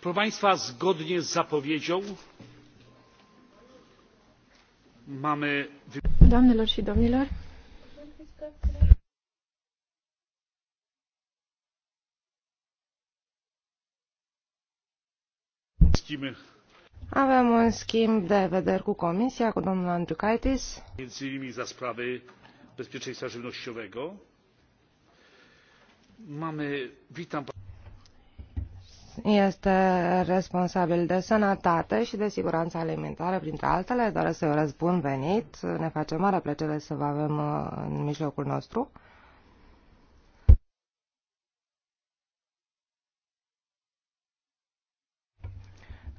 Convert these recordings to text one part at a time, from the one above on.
proszę państwa zgodnie z zapowiedzią mamy. domnilor avem un schimb de vederi cu comisia cu domnul andriukaitis między innymi za sprawy bezpieczeństwa żywnościowego mamy witam este responsabil de sănătate și de siguranță alimentară, printre altele. Doresc să-i urez bun venit. Ne face mare plăcere să vă avem uh, în mijlocul nostru.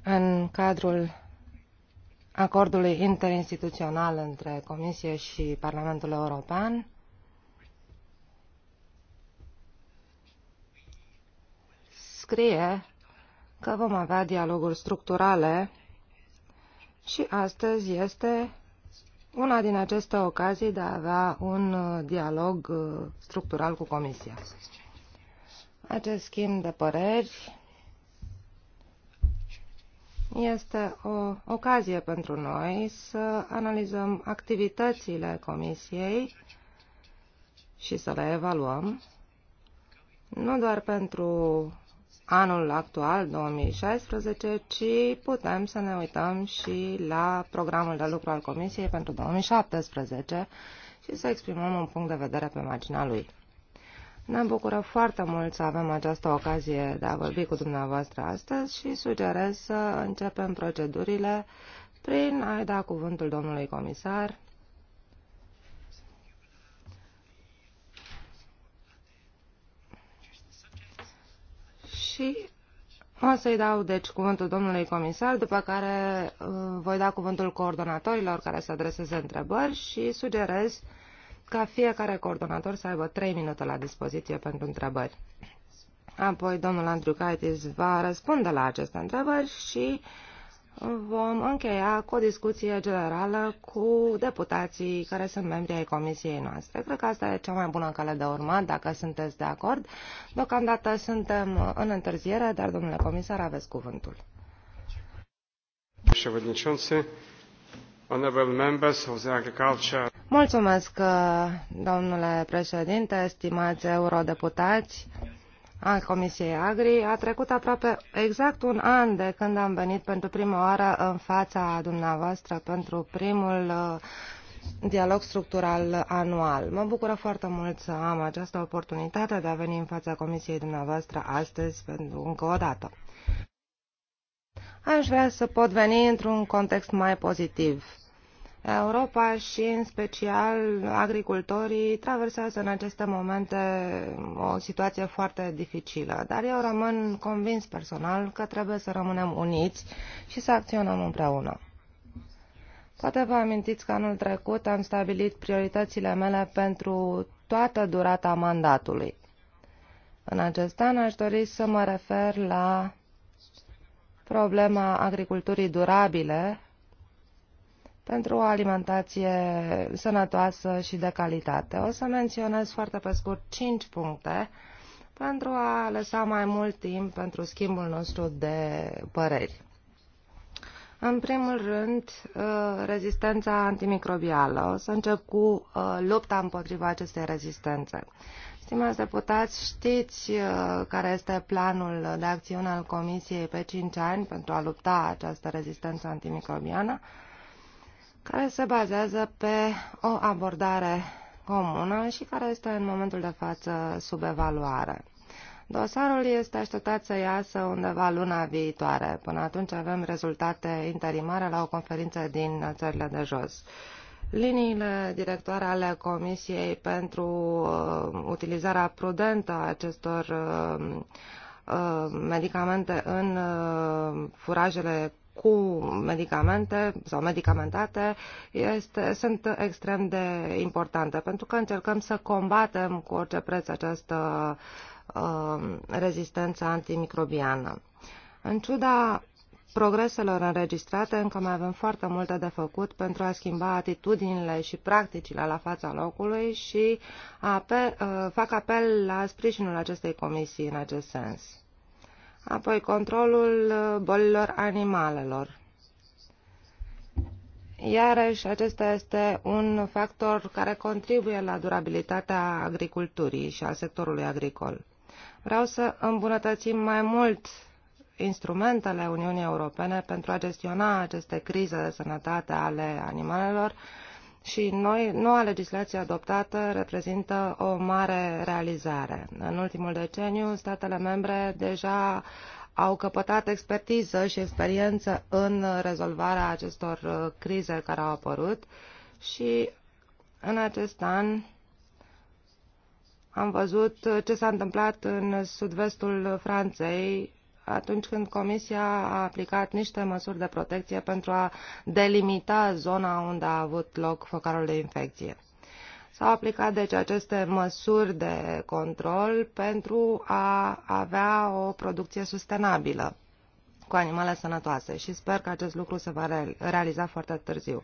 În cadrul acordului interinstituțional între Comisie și Parlamentul European, scrie că vom avea dialoguri structurale și astăzi este una din aceste ocazii de a avea un uh, dialog uh, structural cu Comisia. Acest schimb de păreri este o ocazie pentru noi să analizăm activitățile Comisiei și să le evaluăm, nu doar pentru anul actual, 2016, ci putem să ne uităm și la programul de lucru al Comisiei pentru 2017 și să exprimăm un punct de vedere pe marginea lui. Ne bucură foarte mult să avem această ocazie de a vorbi cu dumneavoastră astăzi și sugerez să începem procedurile prin a-i da cuvântul domnului comisar și o să-i dau, deci, cuvântul domnului comisar, după care uh, voi da cuvântul coordonatorilor care să adreseze întrebări și sugerez ca fiecare coordonator să aibă 3 minute la dispoziție pentru întrebări. Apoi, domnul Andrew Kaitis va răspunde la aceste întrebări și uh, vom încheia cu o discuție generală cu deputații care sunt membri ai comisiei noastre. Cred că asta e cea mai bună cale de urmat, dacă sunteți de acord. Deocamdată suntem în întârziere, dar, domnule comisar, aveți cuvântul. Mulțumesc, domnule președinte, stimați eurodeputați al Comisiei Agri. A trecut aproape exact un an de când am venit pentru prima oară în fața dumneavoastră pentru primul uh, dialog structural anual. Mă bucură foarte mult să am această oportunitate de a veni în fața Comisiei dumneavoastră astăzi pentru încă o dată. Aș vrea să pot veni într-un context mai pozitiv Europa și, în special, agricultorii traversează în aceste momente o situație foarte dificilă, dar eu rămân convins personal că trebuie să rămânem uniți și să acționăm împreună. Poate vă amintiți că anul trecut am stabilit prioritățile mele pentru toată durata mandatului. În acest an aș dori să mă refer la problema agriculturii durabile, pentru o alimentație sănătoasă și de calitate. O să menționez foarte pe scurt 5 puncte pentru a lăsa mai mult timp pentru schimbul nostru de păreri. În primul rând, uh, rezistența antimicrobială. O să încep cu uh, lupta împotriva acestei rezistențe. Stimați deputați, știți uh, care este planul de acțiune al Comisiei pe 5 ani pentru a lupta această rezistență antimicrobiană? care se bazează pe o abordare comună și care este în momentul de față sub evaluare. Dosarul este așteptat să iasă undeva luna viitoare. Până atunci avem rezultate interimare la o conferință din țările de jos. Liniile directoare ale Comisiei pentru uh, utilizarea prudentă a acestor uh, uh medicamente în uh, furajele cu medicamente sau medicamentate este, sunt extrem de importante pentru că încercăm să combatem cu orice preț această uh, rezistență antimicrobiană. În ciuda progreselor înregistrate, încă mai avem foarte multe de făcut pentru a schimba atitudinile și practicile la fața locului și ape, uh, fac apel la sprijinul acestei comisii în acest sens apoi controlul uh, bolilor animalelor. Iarăși, acesta este un factor care contribuie la durabilitatea agriculturii și al sectorului agricol. Vreau să îmbunătățim mai mult instrumentele Uniunii Europene pentru a gestiona aceste crize de sănătate ale animalelor și noi, noua legislație adoptată reprezintă o mare realizare. În ultimul deceniu, statele membre deja au căpătat expertiză și experiență în rezolvarea acestor uh, crize care au apărut și în acest an am văzut ce s-a întâmplat în sud-vestul Franței atunci când Comisia a aplicat niște măsuri de protecție pentru a delimita zona unde a avut loc focarul de infecție. S-au aplicat deci aceste măsuri de control pentru a avea o producție sustenabilă cu animale sănătoase și sper că acest lucru se va realiza foarte târziu.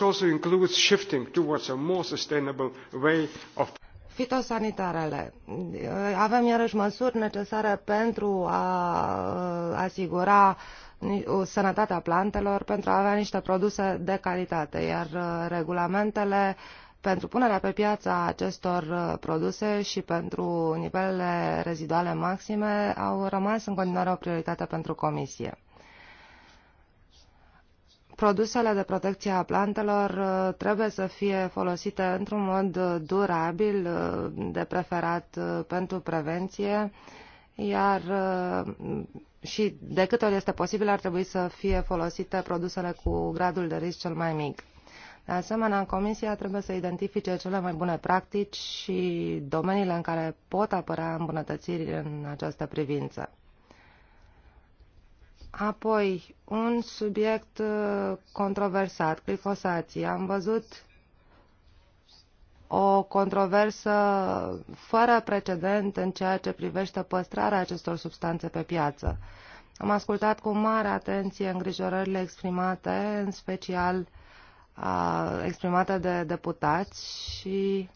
also includes shifting towards a more sustainable way of Fitosanitarele. Avem iarăși măsuri necesare pentru a uh, asigura uh, sănătatea plantelor, pentru a avea niște produse de calitate, iar uh, regulamentele pentru punerea pe piață a acestor produse și pentru nivelele reziduale maxime au rămas în continuare o prioritate pentru Comisie produsele de protecție a plantelor uh, trebuie să fie folosite într-un mod uh, durabil, uh, de preferat pentru prevenție, iar și de câte ori este posibil ar trebui să fie folosite produsele cu gradul de risc cel mai mic. De asemenea, Comisia trebuie să identifice cele mai bune practici și domeniile în care pot apărea îmbunătățiri în această privință. Apoi, un subiect uh, controversat, glifosații. Am văzut o controversă fără precedent în ceea ce privește păstrarea acestor substanțe pe piață. Am ascultat cu mare atenție îngrijorările exprimate, în special a, uh, exprimate de deputați și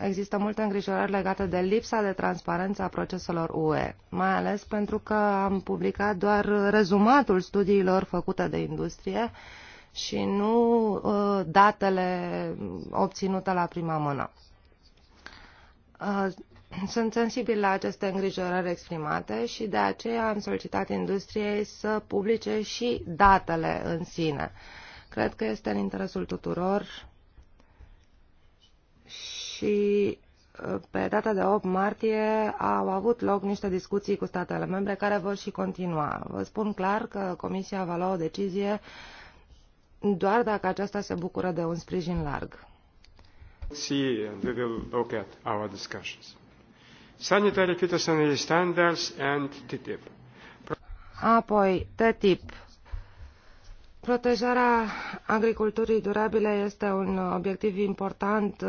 există multe îngrijorări legate de lipsa de transparență a proceselor UE, mai ales pentru că am publicat doar rezumatul studiilor făcute de industrie și nu uh, datele obținute la prima mână. Uh, sunt sensibil la aceste îngrijorări exprimate și de aceea am solicitat industriei să publice și datele în sine. Cred că este în interesul tuturor și uh, pe data de 8 martie au avut loc niște discuții cu statele membre care vor și continua. Vă spun clar că Comisia va lua o decizie doar dacă aceasta se bucură de un sprijin larg. See, we will look at our discussions. Sanitary phytosanitary standards and TTIP. Apoi, TTIP Protejarea agriculturii durabile este un obiectiv important uh,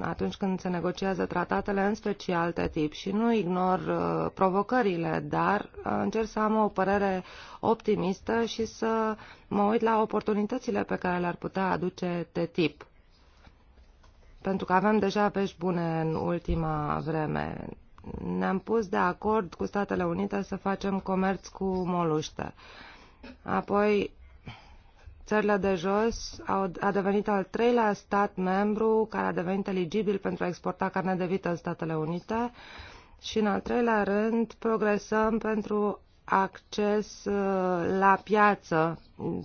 atunci când se negociază tratatele, în special TTIP, și nu ignor uh, provocările, dar uh, încerc să am o părere optimistă și să mă uit la oportunitățile pe care le-ar putea aduce TTIP. Pentru că avem deja pești bune în ultima vreme. Ne-am pus de acord cu Statele Unite să facem comerț cu moluște. Apoi Țările de jos au, a devenit al treilea stat membru care a devenit eligibil pentru a exporta carne de vită în Statele Unite și, în al treilea rând, progresăm pentru acces uh, la piață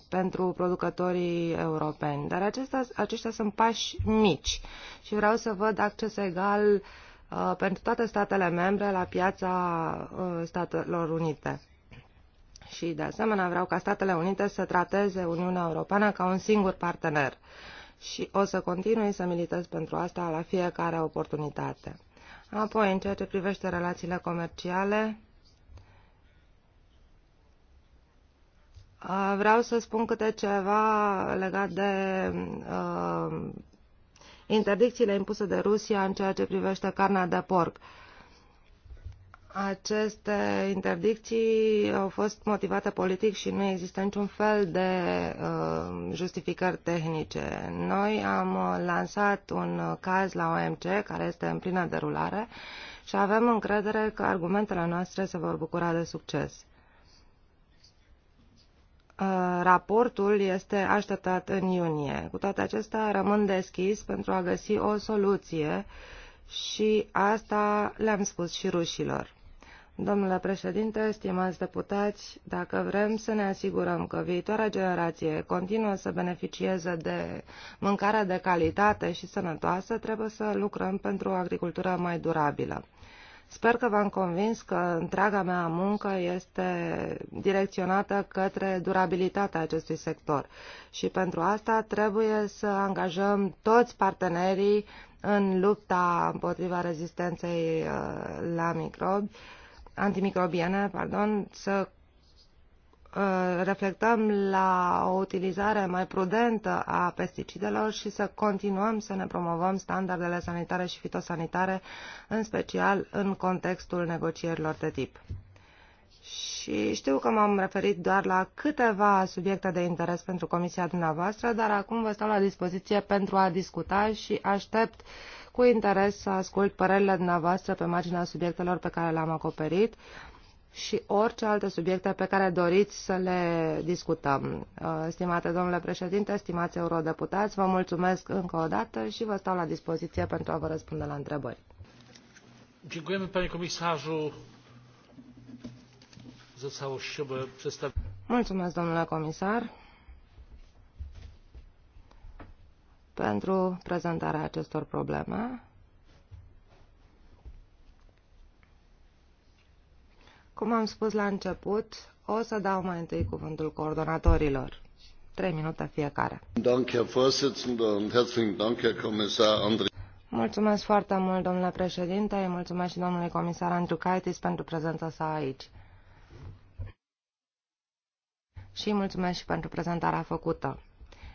pentru producătorii europeni. Dar acestea, aceștia sunt pași mici și vreau să văd acces egal uh, pentru toate statele membre la piața uh, Statelor Unite. Și, de asemenea, vreau ca Statele Unite să trateze Uniunea Europeană ca un singur partener. Și o să continui să militez pentru asta la fiecare oportunitate. Apoi, în ceea ce privește relațiile comerciale, vreau să spun câte ceva legat de uh, interdicțiile impuse de Rusia în ceea ce privește carnea de porc. Uh, aceste interdicții au fost motivate politic și nu există niciun fel de uh, justificări tehnice. Noi am lansat un caz la OMC care este în plină derulare și avem încredere că argumentele noastre se vor bucura de succes. Uh, raportul este așteptat în iunie. Cu toate acestea, rămân deschis pentru a găsi o soluție și asta le-am spus și rușilor. Domnule președinte, stimați deputați, dacă vrem să ne asigurăm că viitoarea generație continuă să beneficieze de mâncare de calitate și sănătoasă, trebuie să lucrăm pentru o agricultură mai durabilă. Sper că v-am convins că întreaga mea muncă este direcționată către durabilitatea acestui sector și pentru asta trebuie să angajăm toți partenerii în lupta împotriva rezistenței uh, la microbi, antimicrobiene pardon, să uh, reflectăm la o utilizare mai prudentă a pesticidelor și să continuăm să ne promovăm standardele sanitare și fitosanitare, în special în contextul negocierilor de tip. Și știu că m-am referit doar la câteva subiecte de interes pentru comisia dumneavoastră, dar acum vă stau la dispoziție pentru a discuta și aștept uh, cu interes să ascult părerile dumneavoastră pe marginea subiectelor pe care le-am acoperit și orice alte subiecte pe care doriți să le discutăm. Uh, stimate domnule președinte, stimați eurodeputați, vă mulțumesc încă o dată și vă stau la dispoziție pentru a vă răspunde la întrebări. Dziękujemy panie komisarzu za całościowe przedstawienie. Mulțumesc domnule comisar. pentru prezentarea acestor probleme. Cum am spus la început, o să dau mai întâi cuvântul coordonatorilor. Trei minute fiecare. Mulțumesc foarte mult, domnule președinte, mulțumesc și domnului comisar Andriukaitis pentru prezența sa aici. Și mulțumesc și pentru prezentarea făcută.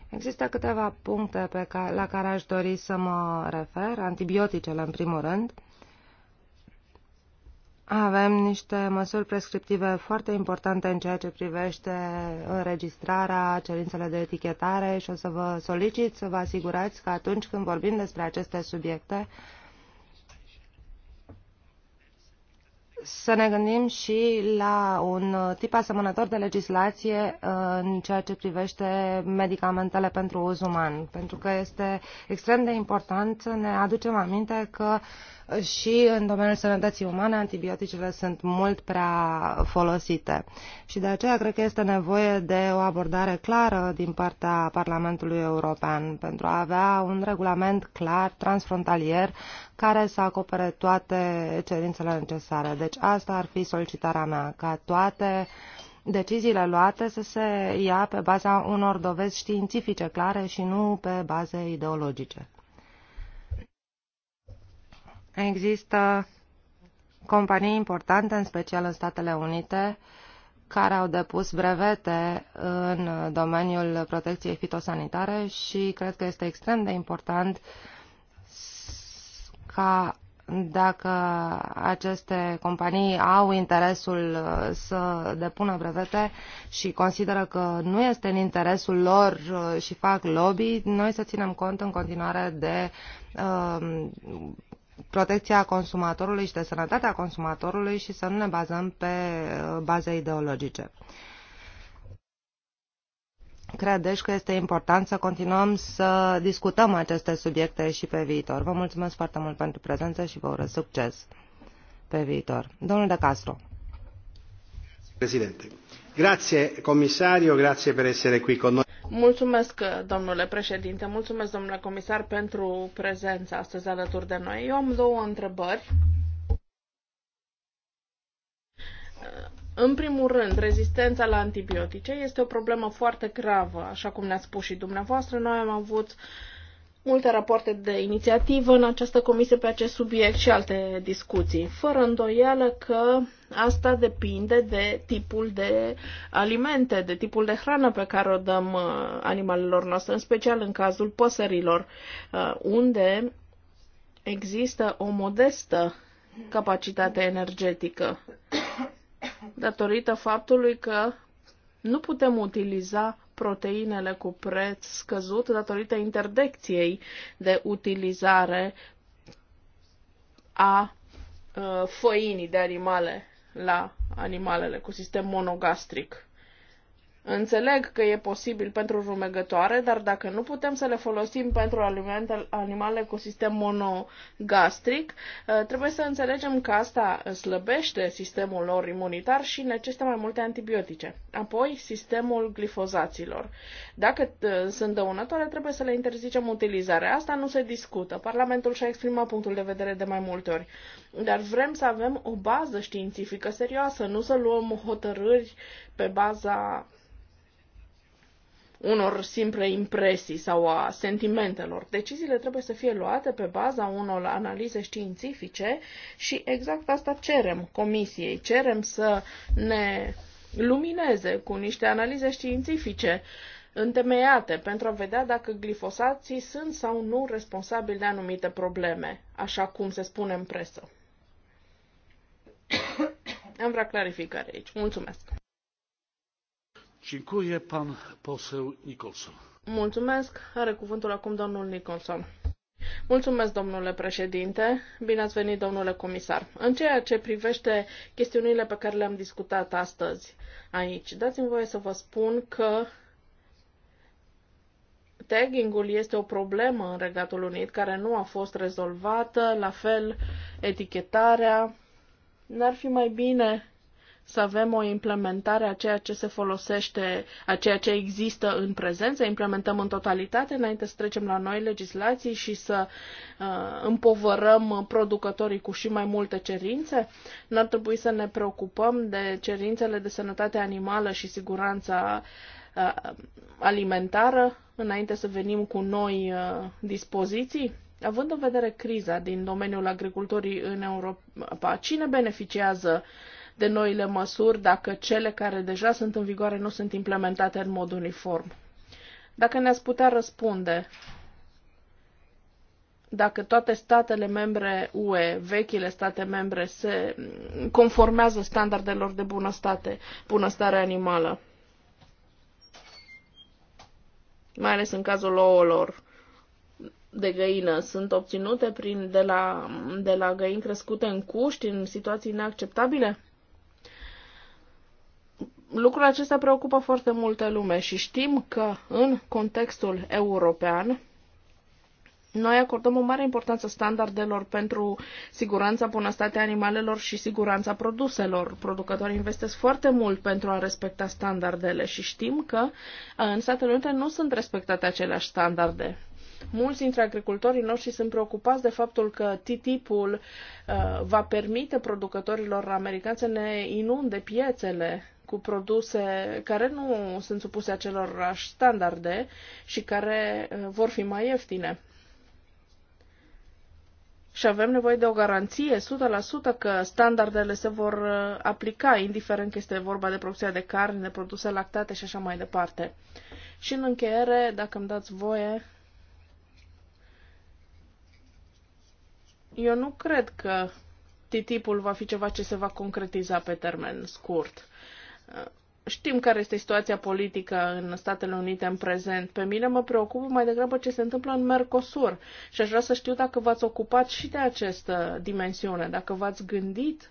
Există câteva puncte pe care, la care aș dori să mă refer. Antibioticele, în primul rând. Avem niște măsuri prescriptive foarte importante în ceea ce privește înregistrarea, cerințele de etichetare și o să vă solicit să vă asigurați că atunci când vorbim despre aceste subiecte, să ne gândim și la un tip asemănător de legislație uh, în ceea ce privește medicamentele pentru uz uman, pentru că este extrem de important să ne aducem aminte că și în domeniul sănătății umane antibioticele sunt mult prea folosite. Și de aceea cred că este nevoie de o abordare clară din partea Parlamentului European pentru a avea un regulament clar, transfrontalier, care să acopere toate cerințele necesare. Deci asta ar fi solicitarea mea, ca toate deciziile luate să se ia pe baza unor dovezi științifice clare și nu pe baze ideologice. Există companii importante, în special în Statele Unite, care au depus brevete în domeniul protecției fitosanitare și cred că este extrem de important uh, ca dacă aceste companii au interesul uh, să depună brevete și consideră că nu este în interesul lor uh, și fac lobby, noi să ținem cont în continuare de uh, protecția consumatorului și de sănătatea consumatorului și să nu ne bazăm pe baze ideologice. Cred deci că este important să continuăm să discutăm aceste subiecte și pe viitor. Vă mulțumesc foarte mult pentru prezență și vă urez succes pe viitor. Domnul De Castro. Președinte. Grazie comisariu, grazie per essere qui con noi. Mulțumesc, domnule președinte, mulțumesc, domnule comisar, pentru prezența astăzi alături de noi. Eu am două întrebări în primul rând, rezistența la antibiotice este o problemă foarte gravă, așa cum ne a spus și dumneavoastră. Noi am avut multe rapoarte de inițiativă în această comisie pe acest subiect și alte discuții. Fără îndoială că asta depinde de tipul de alimente, de tipul de hrană pe care o dăm uh, animalelor noastre, în special în cazul păsărilor, uh, unde există o modestă capacitate energetică datorită faptului că nu putem utiliza proteinele cu preț scăzut datorită interdecției de utilizare a uh, făinii de animale la animalele cu sistem monogastric. Înțeleg că e posibil pentru rumegătoare, dar dacă nu putem să le folosim pentru alimente, animale cu sistem monogastric, uh, trebuie să înțelegem că asta slăbește sistemul lor imunitar și necesită mai multe antibiotice. Apoi, sistemul glifozaților. Dacă uh, sunt dăunătoare, trebuie să le interzicem utilizarea. Asta nu se discută. Parlamentul și-a exprimat punctul de vedere de mai multe ori. Dar vrem să avem o bază științifică serioasă, nu să luăm hotărâri pe baza unor simple impresii sau a sentimentelor. Deciziile trebuie să fie luate pe baza unor analize științifice și exact asta cerem comisiei. Cerem să ne lumineze cu niște analize științifice întemeiate pentru a vedea dacă glifosații sunt sau nu responsabili de anumite probleme, așa cum se spune în presă. Am vrea clarificare aici. Mulțumesc! Mulțumesc. Are cuvântul acum domnul Nicholson. Mulțumesc, domnule președinte. Bine ați venit, domnule comisar. În ceea ce privește chestiunile pe care le-am discutat astăzi aici, dați-mi voie să vă spun că tagging-ul este o problemă în Regatul Unit care nu a fost rezolvată, la fel etichetarea. N-ar fi mai bine să avem o implementare a ceea ce se folosește, a ceea ce există în prezență, implementăm în totalitate înainte să trecem la noi legislații și să uh, împovărăm producătorii cu și mai multe cerințe. Nu ar trebui să ne preocupăm de cerințele de sănătate animală și siguranța uh, alimentară înainte să venim cu noi uh, dispoziții? Având în vedere criza din domeniul agriculturii în Europa, cine beneficiază uh, de noile măsuri dacă cele care deja sunt în vigoare nu sunt implementate în mod uniform. Dacă ne-ați putea răspunde dacă toate statele membre UE, vechile state membre, se conformează standardelor de bunăstate, bunăstare animală, mai ales în cazul ouălor de găină, sunt obținute prin, de, la, de la găini crescute în cuști, în situații neacceptabile? lucrul acesta preocupă foarte multă lume și știm că în contextul european noi acordăm o mare importanță standardelor pentru siguranța bunăstatea animalelor și siguranța produselor. Producătorii investesc foarte mult pentru a respecta standardele și știm că uh, în Statele Unite nu sunt respectate aceleași standarde. Mulți dintre agricultorii noștri sunt preocupați de faptul că TTIP-ul uh, va permite producătorilor americani să ne inunde piețele cu produse care nu sunt supuse acelor standarde și care uh, vor fi mai ieftine. Și avem nevoie de o garanție 100% că standardele se vor uh, aplica, indiferent că este vorba de producția de carne, de produse lactate și așa mai departe. Și în încheiere, dacă îmi dați voie, eu nu cred că TTIP-ul va fi ceva ce se va concretiza pe termen scurt. Știm care este situația politică în Statele Unite în prezent. Pe mine mă preocupă mai degrabă ce se întâmplă în Mercosur și aș vrea să știu dacă v-ați ocupat și de această dimensiune, dacă v-ați gândit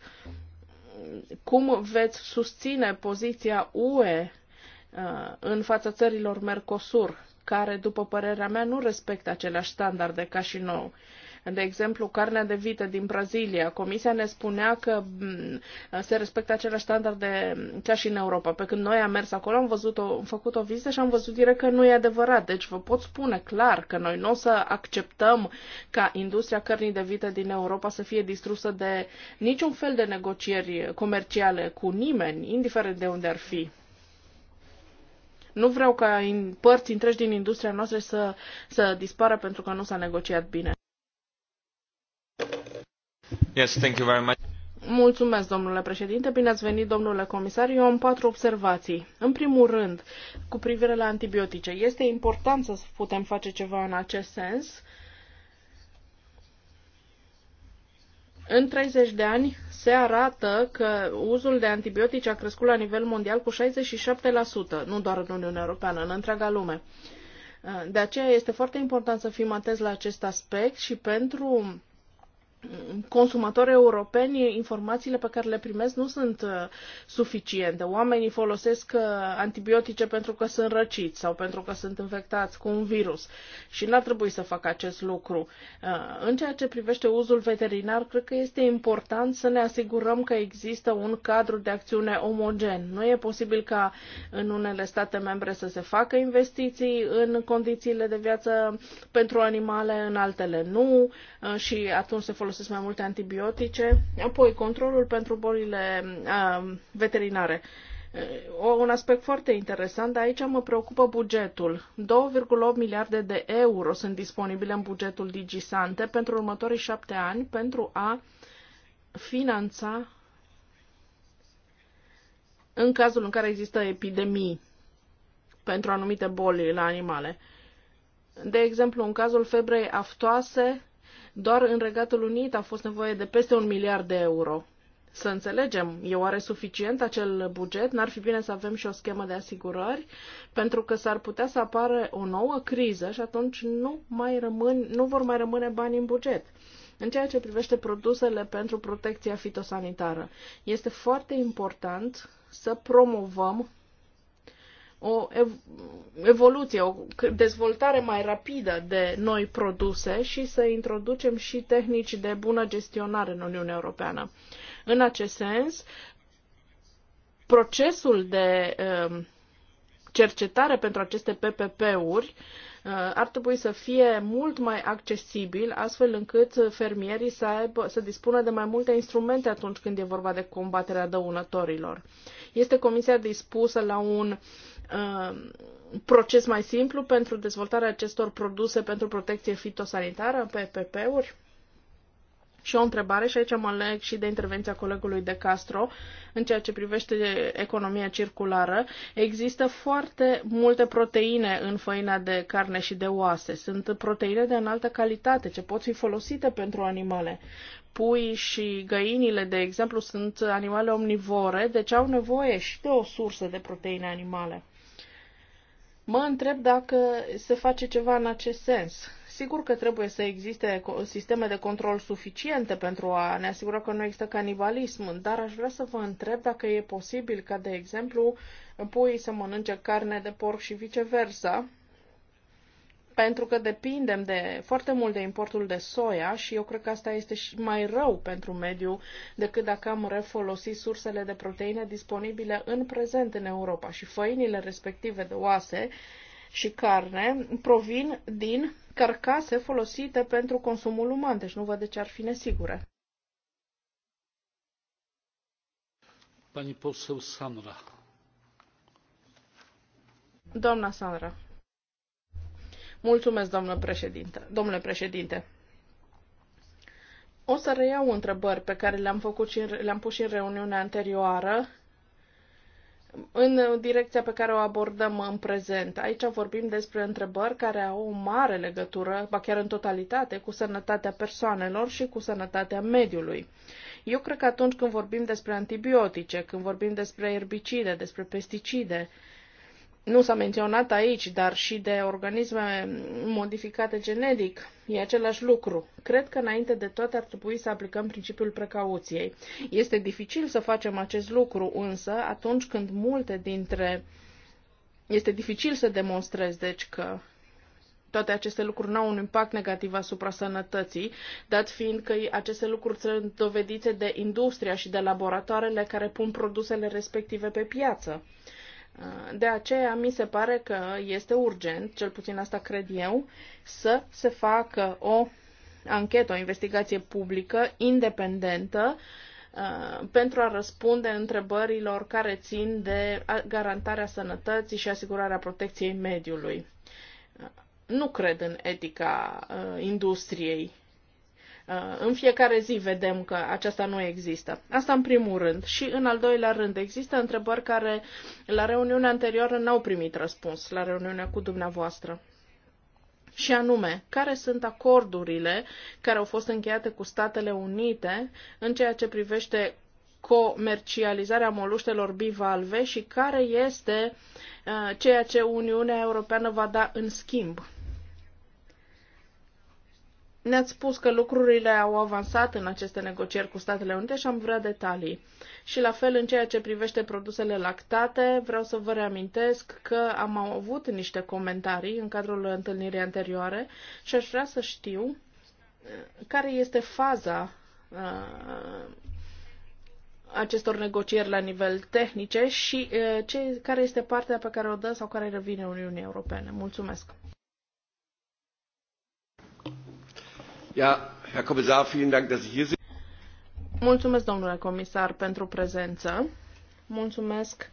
cum veți susține poziția UE uh, în fața țărilor Mercosur, care, după părerea mea, nu respectă aceleași standarde ca și noi de exemplu, carnea de vită din Brazilia. Comisia ne spunea că mm, se respectă aceleași standarde ca și în Europa. Pe când noi am mers acolo, am, văzut o, am făcut o vizită și am văzut direct că nu e adevărat. Deci vă pot spune clar că noi nu o să acceptăm ca industria cărnii de vită din Europa să fie distrusă de niciun fel de negocieri comerciale cu nimeni, indiferent de unde ar fi. Nu vreau ca părți întregi din industria noastră să, să dispară pentru că nu s-a negociat bine. Mulțumesc, domnule președinte. Bine ați venit, domnule comisar. Eu am patru observații. În primul rând, cu privire la antibiotice, este important să putem face ceva în acest sens. În 30 de ani se arată că uzul de antibiotice a crescut la nivel mondial cu 67%, nu doar în Uniunea Europeană, în întreaga lume. De aceea este foarte important să fim atenți la acest aspect și pentru consumatori europeni, informațiile pe care le primesc nu sunt uh, suficiente. Oamenii folosesc uh, antibiotice pentru că sunt răciți sau pentru că sunt infectați cu un virus și n-ar trebui să facă acest lucru. Uh, în ceea ce privește uzul veterinar, cred că este important să ne asigurăm că există un cadru de acțiune omogen. Nu e posibil ca în unele state membre să se facă investiții în condițiile de viață pentru animale, în altele nu și atunci se folosește folosesc mai multe antibiotice, apoi controlul pentru bolile um, uh, veterinare. O un aspect foarte interesant, dar aici mă preocupă bugetul. 2,8 miliarde de euro sunt disponibile în bugetul Digisante pentru următorii șapte ani pentru a finanța în cazul în care există epidemii pentru anumite boli la animale. De exemplu, în cazul febrei aftoase, doar în Regatul Unit a fost nevoie de peste un miliard de euro. Să înțelegem, e oare suficient acel buget? N-ar fi bine să avem și o schemă de asigurări? Pentru că s-ar putea să apară o nouă criză și atunci nu, mai rămân, nu vor mai rămâne bani în buget în ceea ce privește produsele pentru protecția fitosanitară. Este foarte important să promovăm o evoluție, o dezvoltare mai rapidă de noi produse și să introducem și tehnici de bună gestionare în Uniunea Europeană. În acest sens, procesul de ehm, cercetare pentru aceste PPP-uri eh, ar trebui să fie mult mai accesibil, astfel încât fermierii să, aibă, să dispună de mai multe instrumente atunci când e vorba de combaterea dăunătorilor. Este Comisia dispusă la un uh, Um, proces mai simplu pentru dezvoltarea acestor produse pentru protecție fitosanitară, PPP-uri? Și o întrebare, și aici mă leg și de intervenția colegului de Castro, în ceea ce privește economia circulară. Există foarte multe proteine în făina de carne și de oase. Sunt proteine de înaltă calitate, ce pot fi folosite pentru animale. Pui și găinile, de exemplu, sunt animale omnivore, deci au nevoie și de o sursă de proteine animale. Mă întreb dacă se face ceva în acest sens. Sigur că trebuie să existe sisteme de control suficiente pentru a ne asigura că nu există canibalism, dar aș vrea să vă întreb dacă e posibil ca, de exemplu, puii să mănânce carne de porc și viceversa, pentru că depindem de foarte mult de importul de soia și eu cred că asta este și mai rău pentru mediu decât dacă am refolosi sursele de proteine disponibile în prezent în Europa și făinile respective de oase și carne provin din carcase folosite pentru consumul uman, deci nu văd de ce ar fi nesigure. Pani poseł Sandra. Doamna Sandra. Mulțumesc, domnule președinte. Domnule președinte. O să reiau întrebări pe care le-am, făcut și, le-am pus și în reuniunea anterioară, în direcția pe care o abordăm în prezent. Aici vorbim despre întrebări care au o mare legătură, ba chiar în totalitate, cu sănătatea persoanelor și cu sănătatea mediului. Eu cred că atunci când vorbim despre antibiotice, când vorbim despre erbicide, despre pesticide, nu s-a menționat aici, dar și de organisme modificate genetic, e același lucru. Cred că înainte de toate ar trebui să aplicăm principiul precauției. Este dificil să facem acest lucru, însă atunci când multe dintre. Este dificil să demonstrezi, deci, că toate aceste lucruri nu au un impact negativ asupra sănătății, dat fiind că aceste lucruri sunt dovedite de industria și de laboratoarele care pun produsele respective pe piață. De aceea mi se pare că este urgent, cel puțin asta cred eu, să se facă o anchetă, o investigație publică independentă uh, pentru a răspunde întrebărilor care țin de garantarea sănătății și asigurarea protecției mediului. Uh, nu cred în etica uh, industriei Uh, în fiecare zi vedem că aceasta nu există. Asta în primul rând. Și în al doilea rând, există întrebări care la reuniunea anterioară n-au primit răspuns, la reuniunea cu dumneavoastră. Și anume, care sunt acordurile care au fost încheiate cu Statele Unite în ceea ce privește comercializarea moluștelor bivalve și care este uh, ceea ce Uniunea Europeană va da în schimb ne-ați spus că lucrurile au avansat în aceste negocieri cu Statele Unite și am vrea detalii. Și la fel în ceea ce privește produsele lactate, vreau să vă reamintesc că am avut niște comentarii în cadrul întâlnirii anterioare și aș vrea să știu uh, care este faza uh, acestor negocieri la nivel tehnice și uh, ce, care este partea pe care o dă sau care revine Uniunii Europene. Mulțumesc! Herr Kommissar, vielen Dank, dass Sie hier sind. Mulțumesc, domnule comisar, pentru prezență. Mulțumesc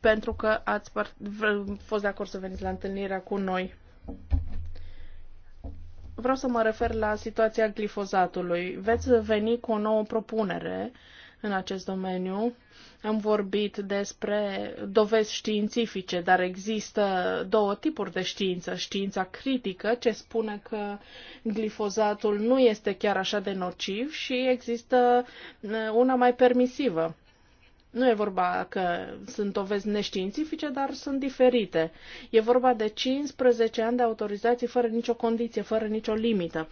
pentru că ați fost de acord să veniți la întâlnirea cu noi. Vreau să mă refer la situația glifozatului. Veți veni cu o nouă propunere uh, în acest domeniu. Am vorbit despre dovezi științifice, dar există două tipuri de știință. Știința critică, ce spune că glifozatul nu este chiar așa de nociv și există uh, una mai permisivă, nu e vorba că sunt dovezi neștiințifice, dar sunt diferite. E vorba de 15 ani de autorizații fără nicio condiție, fără nicio limită.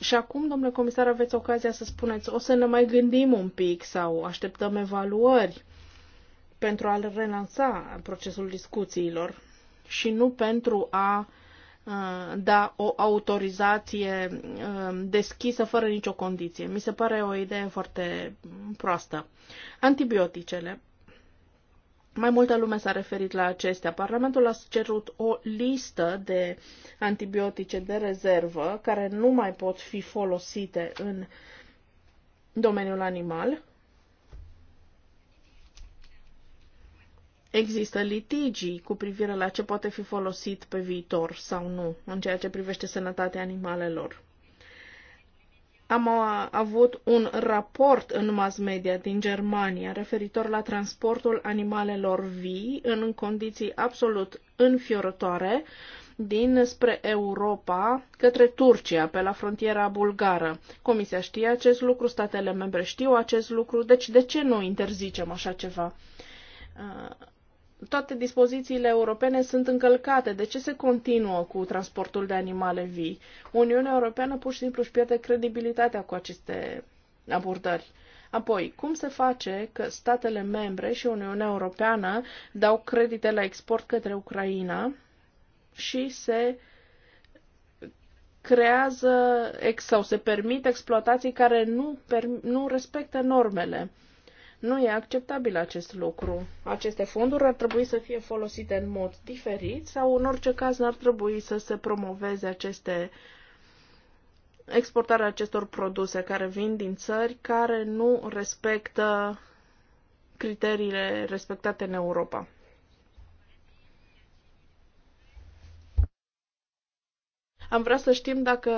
Și acum, domnule comisar, aveți ocazia să spuneți, o să ne mai gândim un pic sau așteptăm evaluări pentru a relansa procesul discuțiilor și nu pentru a uh, Uh, da o autorizație uh, deschisă fără nicio condiție. Mi se pare o idee foarte proastă. Antibioticele. Mai multă lume s-a referit la acestea. Parlamentul a cerut o listă de antibiotice de rezervă care nu mai pot fi folosite în domeniul animal există litigii cu privire la ce poate fi folosit pe viitor sau nu în ceea ce privește sănătatea animalelor. Am avut un raport în mass media din Germania referitor la transportul animalelor vii în condiții absolut înfiorătoare din spre Europa către Turcia, pe la frontiera bulgară. Comisia știe acest lucru, statele membre știu acest lucru, deci de ce nu interzicem așa ceva? toate dispozițiile europene sunt încălcate. De ce se continuă cu transportul de animale vii? Uniunea Europeană pur și simplu își pierde credibilitatea cu aceste abordări. Apoi, cum se face că statele membre și Uniunea Europeană dau credite la export către Ucraina și se creează ex, sau se permit exploatații care nu, per, nu respectă normele? Nu e acceptabil acest lucru. Aceste fonduri ar trebui să fie folosite în mod diferit sau în orice caz n-ar trebui să se promoveze aceste exportarea acestor produse care vin din țări care nu respectă criteriile respectate în Europa. Am vrea să știm dacă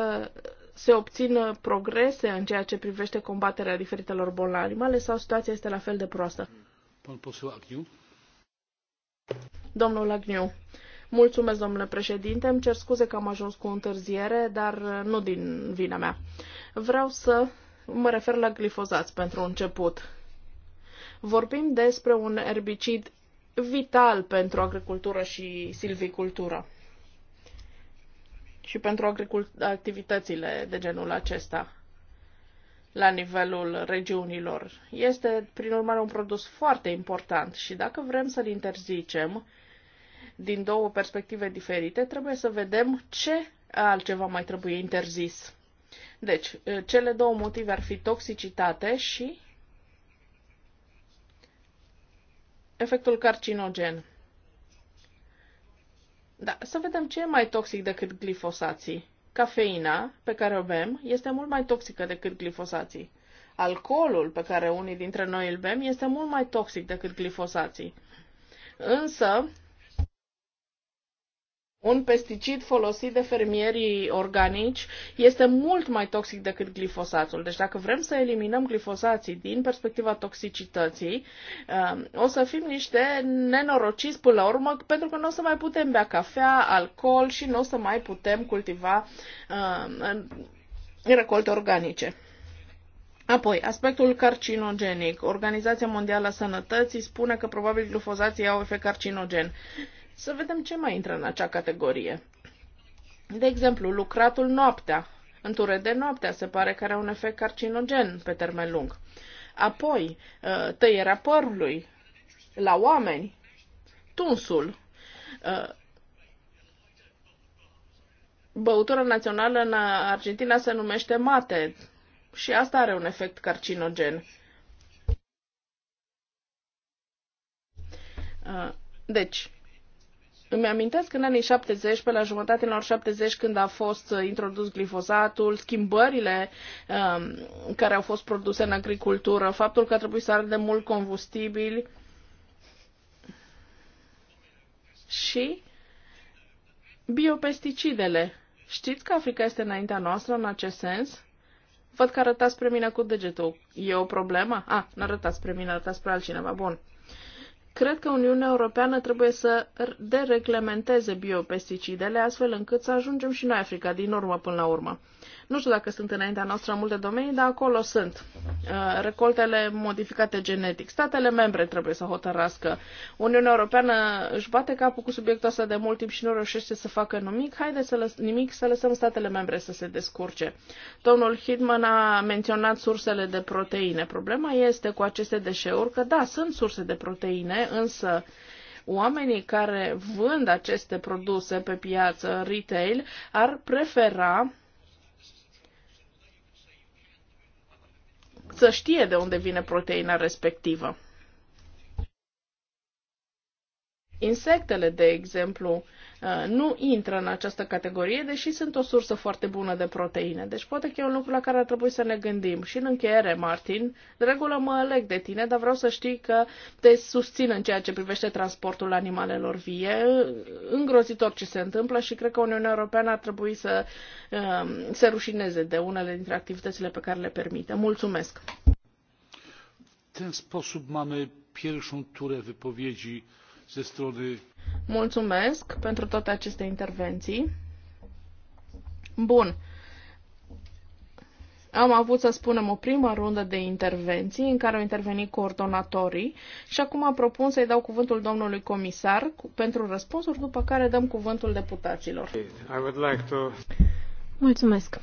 se obțin progrese în ceea ce privește combaterea diferitelor boli la animale sau situația este la fel de proastă? Domnul Agniu. Mulțumesc, domnule președinte. Îmi cer scuze că am ajuns cu întârziere, dar uh, nu din vina mea. Vreau să mă refer la glifozați pentru început. Vorbim despre un erbicid vital pentru agricultură și silvicultură și pentru activitățile de genul acesta la nivelul regiunilor. Este, prin urmare, un produs foarte important și dacă vrem să-l interzicem din două perspective diferite, trebuie să vedem ce altceva mai trebuie interzis. Deci, cele două motive ar fi toxicitate și efectul carcinogen. Da, să vedem ce e mai toxic decât glifosații. Cafeina pe care o bem este mult mai toxică decât glifosații. Alcoolul pe care unii dintre noi îl bem este mult mai toxic decât glifosații. Însă, un pesticid folosit de fermierii organici este mult mai toxic decât glifosatul. Deci dacă vrem să eliminăm glifosații din perspectiva toxicității, um, o să fim niște nenorociți până la urmă pentru că nu o să mai putem bea cafea, alcool și nu o să mai putem cultiva um, recolte organice. Apoi, aspectul carcinogenic. Organizația Mondială a Sănătății spune că probabil glifozații au efect carcinogen. Să vedem ce mai intră în acea categorie. De exemplu, lucratul noaptea. Înture de noaptea se pare că are un efect carcinogen pe termen lung. Apoi, ă, tăierea părului la oameni, tunsul, ă, băutura națională în Argentina se numește mate și asta are un efect carcinogen. Ă, deci, îmi amintesc în anii 70, pe la jumătatea anilor 70, când a fost uh, introdus glifozatul, schimbările um, care au fost produse în agricultură, faptul că a trebuit să arde mult combustibil și biopesticidele. Știți că Africa este înaintea noastră în acest sens? Văd că arătați spre mine cu degetul. E o problemă? A, ah, nu arătați spre mine, arătați spre altcineva. Bun. Cred că Uniunea Europeană trebuie să dereglementeze biopesticidele astfel încât să ajungem și noi Africa din urmă până la urmă. Nu știu dacă sunt înaintea noastră în multe domenii, dar acolo sunt. Uh, recoltele modificate genetic. Statele membre trebuie să hotărască. Uniunea Europeană își bate capul cu subiectul ăsta de mult timp și nu reușește să facă nimic. Haideți să, lăs- nimic, să lăsăm statele membre să se descurce. Domnul Hidman a menționat sursele de proteine. Problema este cu aceste deșeuri că, da, sunt surse de proteine, însă oamenii care vând aceste produse pe piață, retail, ar prefera să știe de unde vine proteina respectivă. Insectele, de exemplu, Uh, nu intră în această categorie, deși sunt o sursă foarte bună de proteine. Deci poate că e un lucru la care ar trebui să ne gândim. Și în încheiere, Martin, de regulă mă aleg de tine, dar vreau să știi că te susțin în ceea ce privește transportul animalelor vie. Îngrozitor ce se întâmplă și cred că Uniunea Europeană ar trebui să um, se rușineze de unele dintre activitățile pe care le permite. Mulțumesc! W ten sposób mamy pierwszą turę wypowiedzi ze strony Mulțumesc pentru toate aceste intervenții. Bun. Am avut, să spunem, o primă rundă de intervenții în care au intervenit coordonatorii și acum propun să-i dau cuvântul domnului comisar pentru răspunsuri, după care dăm cuvântul deputaților. I would like to... Mulțumesc.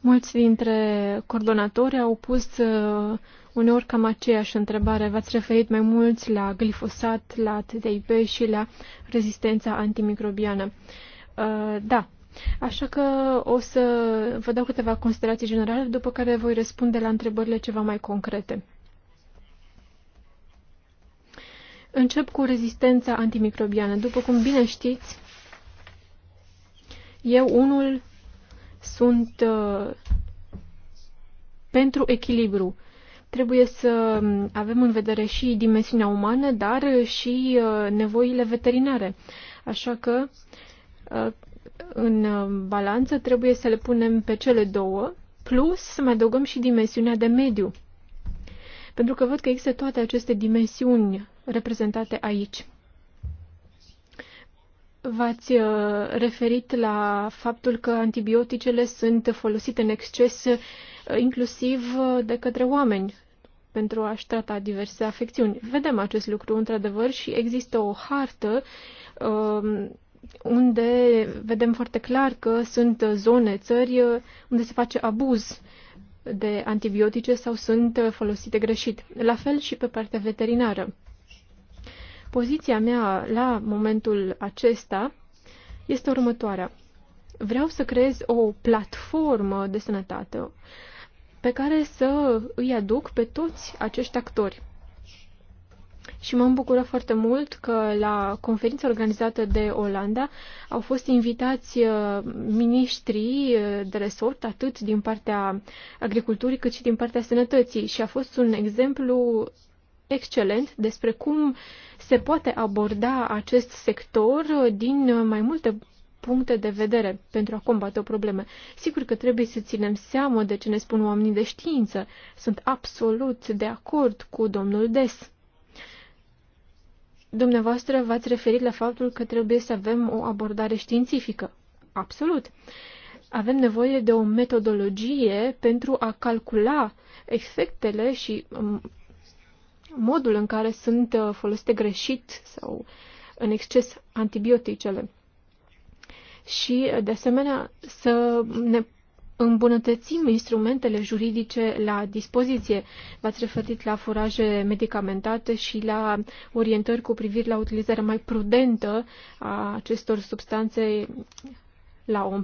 Mulți dintre coordonatori au pus uh, uneori cam aceeași întrebare. V-ați referit mai mulți la glifosat, la TTIP și la rezistența antimicrobiană. Uh, da, Așa că o să vă dau câteva considerații generale, după care voi răspunde la întrebările ceva mai concrete. Încep cu rezistența antimicrobiană. După cum bine știți, eu unul sunt uh, pentru echilibru. Uh, Trebuie să avem în vedere și dimensiunea umană, dar și uh, nevoile veterinare. Așa că uh, în balanță trebuie să le punem pe cele două, plus să mai adăugăm și dimensiunea de mediu. Pentru că văd că există toate aceste dimensiuni reprezentate aici. V-ați uh, referit la faptul că antibioticele sunt folosite în exces inclusiv uh, de către oameni pentru a-și trata diverse afecțiuni. Vedem acest lucru într-adevăr și există o hartă um, unde vedem foarte clar că sunt zone, țări uh, unde se face abuz de antibiotice sau sunt uh, folosite greșit. La fel și pe partea veterinară. Poziția mea la momentul acesta este următoarea. Vreau să creez o platformă de sănătate, pe care să îi aduc pe toți acești actori. Și m-am bucurat foarte mult că la conferința organizată de Olanda au fost invitați uh, miniștrii uh, de resort, atât din partea agriculturii cât și din partea sănătății. Și a fost un exemplu excelent despre cum se poate aborda acest sector din mai multe puncte de vedere pentru a combate o problemă. Sigur că trebuie să ținem seama de ce ne spun oamenii de știință. Sunt absolut de acord cu domnul Des. Dumneavoastră v-ați referit la faptul că trebuie să avem o abordare științifică. Absolut. Avem nevoie de o metodologie pentru a calcula efectele și um, modul în care sunt uh, folosite greșit sau uh, în exces antibioticele și, de asemenea, să ne îmbunătățim instrumentele juridice la dispoziție. V-ați referit la furaje medicamentate și la orientări cu privire la utilizarea mai prudentă a acestor substanțe la om.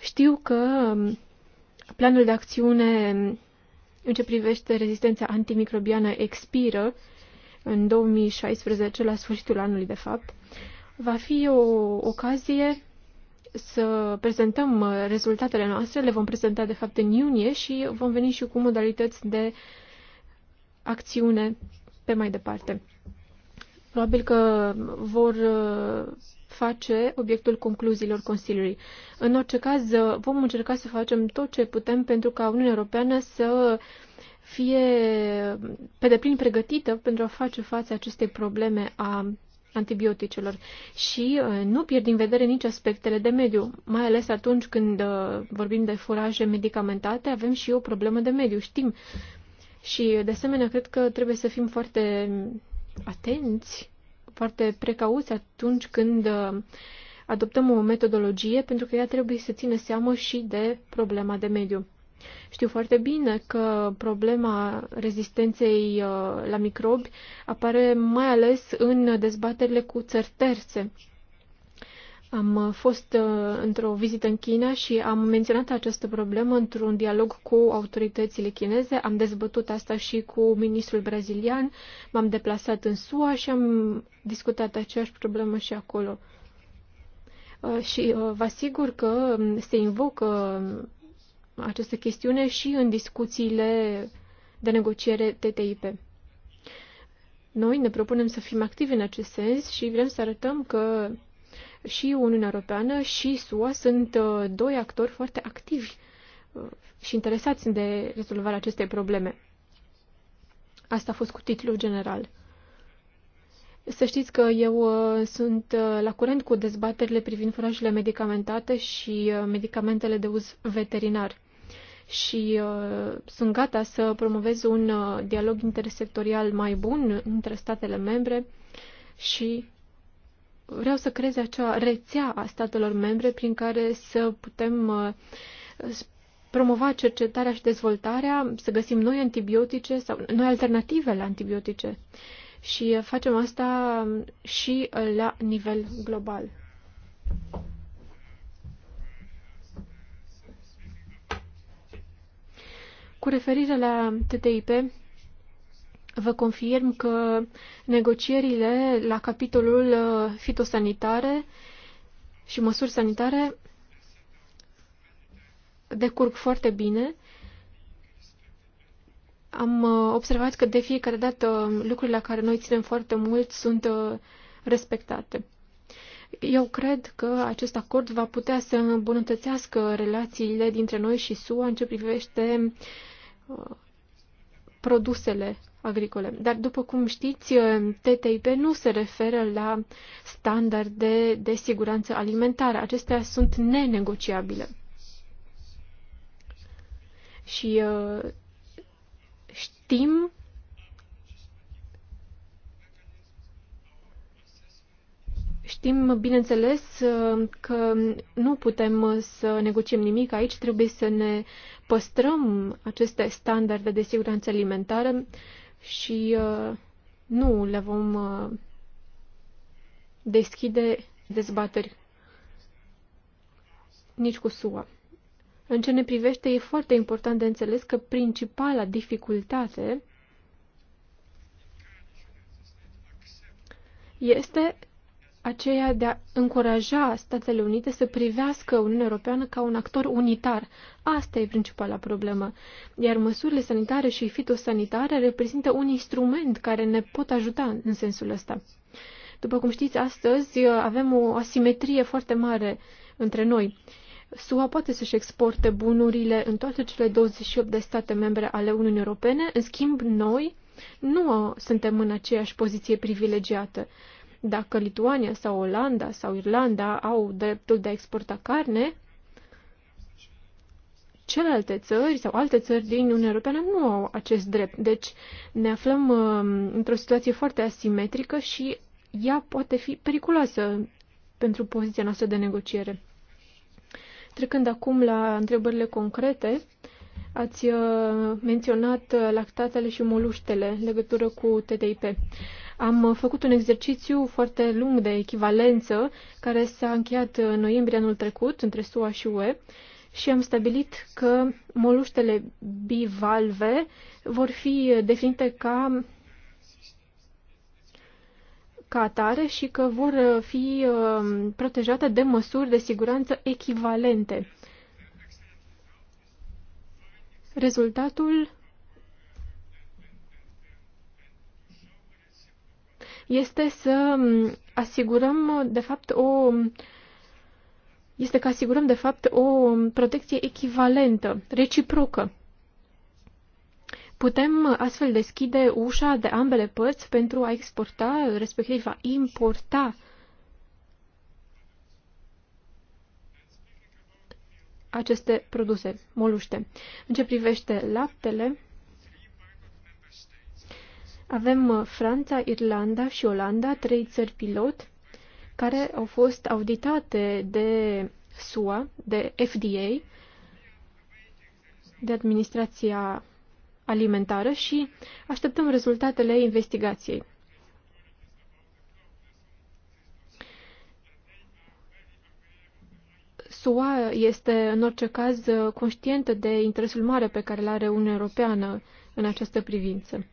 Știu că planul de acțiune în ce privește rezistența antimicrobiană expiră în 2016, la sfârșitul anului de fapt, va fi o ocazie să prezentăm rezultatele noastre, le vom prezenta de fapt în iunie și vom veni și cu modalități de acțiune pe mai departe. Probabil că vor uh, face obiectul concluziilor Consiliului. În orice caz, uh, vom încerca să facem tot ce putem pentru ca Uniunea Europeană să fie pe deplin pregătită pentru a face față acestei probleme a antibioticelor și uh, nu pierd în vedere nici aspectele de mediu, mai ales atunci când uh, vorbim de furaje medicamentate, avem și o problemă de mediu, știm. Și uh, de asemenea, cred că trebuie să fim foarte atenți, foarte precauți atunci când adoptăm o metodologie, pentru că ea trebuie să țină seamă și de problema de mediu. Știu foarte bine că problema rezistenței uh, la microbi apare mai ales în dezbaterile cu țări terțe. Am fost uh, într-o vizită în China și am menționat această problemă într-un dialog cu autoritățile chineze. Am dezbătut asta și cu ministrul brazilian. M-am deplasat în SUA și am discutat aceeași problemă și acolo. Uh, și vă asigur că um, se invocă um, această chestiune și în discuțiile de negociere TTIP. Noi ne propunem să fim activi în acest sens și vrem să arătăm că și Uniunea Europeană și SUA sunt uh, doi actori foarte activi uh, și interesați de rezolvarea acestei probleme. Asta a fost cu titlul general. Să știți că eu uh, sunt la curent cu dezbaterile privind furajele medicamentate și medicamentele de uz veterinar și uh, sunt gata să promovez un uh, dialog intersectorial mai bun între statele membre și vreau să creez acea rețea a statelor membre prin care să putem uh, promova cercetarea și dezvoltarea, să găsim noi antibiotice sau noi alternative la antibiotice și uh, facem asta și uh, la nivel global. Cu referire la TTIP, vă confirm că negocierile la capitolul uh, fitosanitare și măsuri sanitare decurg foarte bine. Am uh, observat că de fiecare dată um, lucrurile la care noi ținem foarte mult sunt uh, respectate. Eu cred că acest acord va putea să îmbunătățească relațiile dintre noi și SUA în ce privește produsele agricole. Dar, după cum știți, TTIP nu se referă la standarde de siguranță alimentară. Acestea sunt nenegociabile. Și uh, știm Știm, bineînțeles, că nu putem să negociem nimic aici, trebuie să ne păstrăm aceste standarde de siguranță alimentară și uh, nu le vom uh, deschide dezbateri nici cu SUA. În ce ne privește, e foarte important de înțeles că principala dificultate este aceea de a încuraja Statele Unite să privească Uniunea Europeană ca un actor unitar. Asta e principala problemă. Iar măsurile sanitare și fitosanitare reprezintă un instrument care ne pot ajuta în sensul ăsta. După cum știți, astăzi uh, avem o asimetrie foarte mare între noi. SUA poate să-și exporte bunurile în toate cele 28 de state membre ale Uniunii Europene, în schimb noi nu uh, suntem în aceeași poziție privilegiată. Dacă Lituania sau Olanda sau Irlanda au dreptul de a exporta carne, celelalte țări sau alte țări din Uniunea Europeană nu au acest drept. Deci ne aflăm uh, într-o situație foarte asimetrică și ea poate fi periculoasă pentru poziția noastră de negociere. Trecând acum la întrebările concrete, ați uh, menționat uh, lactatele și moluștele în legătură cu TTIP. Am făcut un exercițiu foarte lung de echivalență care s-a încheiat în noiembrie anul trecut între SUA și UE și am stabilit că moluștele bivalve vor fi definite ca ca atare și că vor fi um, protejate de măsuri de siguranță echivalente. Rezultatul este să mm, asigurăm, de fapt, o este că asigurăm, de fapt, o protecție echivalentă, reciprocă. Putem astfel deschide ușa de ambele părți pentru a exporta, respectiv a importa aceste produse, moluște. În ce privește laptele, avem uh, Franța, Irlanda și Olanda, trei țări pilot, care au fost auditate de SUA, de FDA, de Administrația Alimentară și așteptăm rezultatele investigației. SUA este, în orice caz, conștientă de interesul mare pe care îl are Uniunea Europeană în această privință.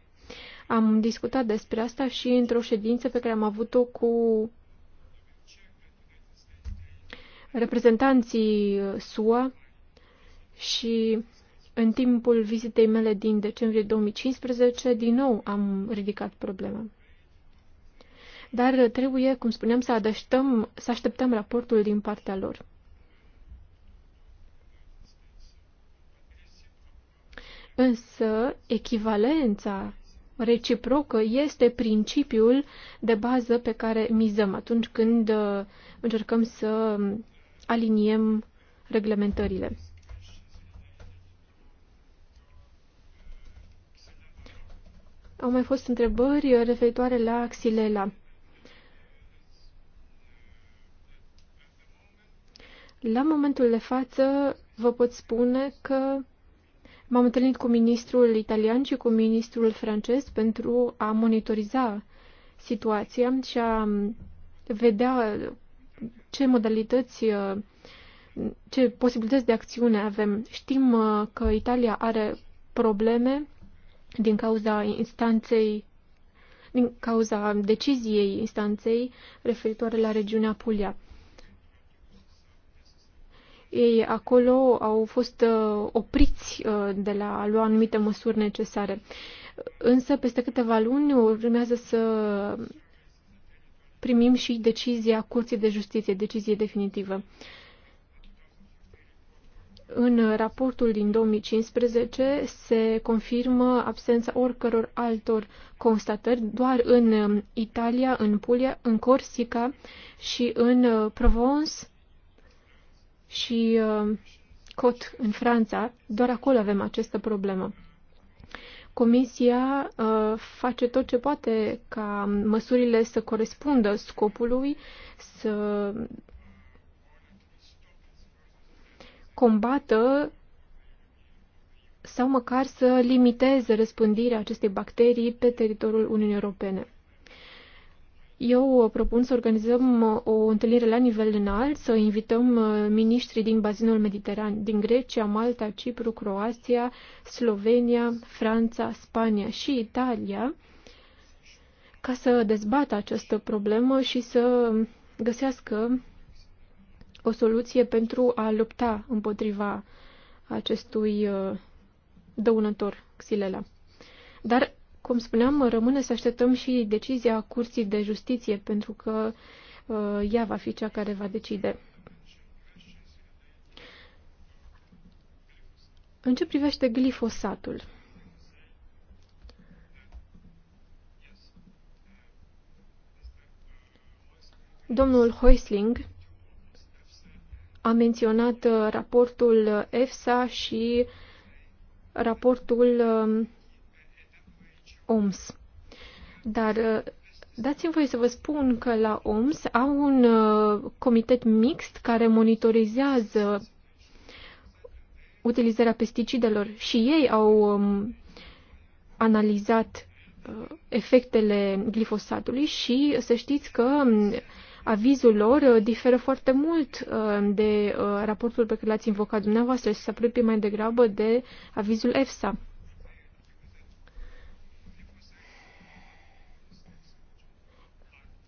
Am discutat despre asta și într-o ședință pe care am avut-o cu reprezentanții SUA și în timpul vizitei mele din decembrie 2015, din nou am ridicat problema. Dar trebuie, cum spuneam, să, adăștăm, să așteptăm raportul din partea lor. Însă, echivalența reciprocă este principiul de bază pe care mizăm atunci când uh, încercăm să aliniem reglementările. Au mai fost întrebări referitoare la Xilela. La momentul de față vă pot spune că M-am întâlnit cu ministrul italian și cu ministrul francez pentru a monitoriza situația și a vedea ce modalități, uh, ce posibilități de acțiune avem. Știm uh, că Italia are probleme din cauza instanței, din cauza deciziei instanței referitoare la regiunea Puglia ei acolo au fost uh, opriți uh, de la a lua anumite măsuri necesare. Însă, peste câteva luni, urmează să primim și decizia Curții de Justiție, decizie definitivă. În raportul din 2015 se confirmă absența oricăror altor constatări doar în Italia, în Puglia, în Corsica și în uh, Provence și uh, Cot în Franța, doar acolo avem această problemă. Comisia uh, face tot ce poate ca măsurile să corespundă scopului, să combată sau măcar să limiteze răspândirea acestei bacterii pe teritoriul Uniunii Europene. Eu uh, propun să organizăm uh, o întâlnire la nivel înalt, să invităm uh, miniștrii din bazinul mediteran, din Grecia, Malta, Cipru, Croația, Slovenia, Franța, Spania și Italia, ca să dezbată această problemă și să găsească o soluție pentru a lupta împotriva acestui dăunător, Xilela. Dar cum spuneam, rămâne să așteptăm și decizia Curții de Justiție, pentru că uh, ea va fi cea care va decide. În ce privește glifosatul? Domnul Heusling a menționat uh, raportul uh, EFSA și raportul um, OMS. Dar uh, dați-mi voi să vă spun că la OMS au un uh, comitet mixt care monitorizează utilizarea pesticidelor și ei au um, analizat uh, efectele glifosatului și să știți că um, avizul lor diferă foarte mult de raportul pe care l-ați invocat dumneavoastră și se apropie mai degrabă de avizul EFSA.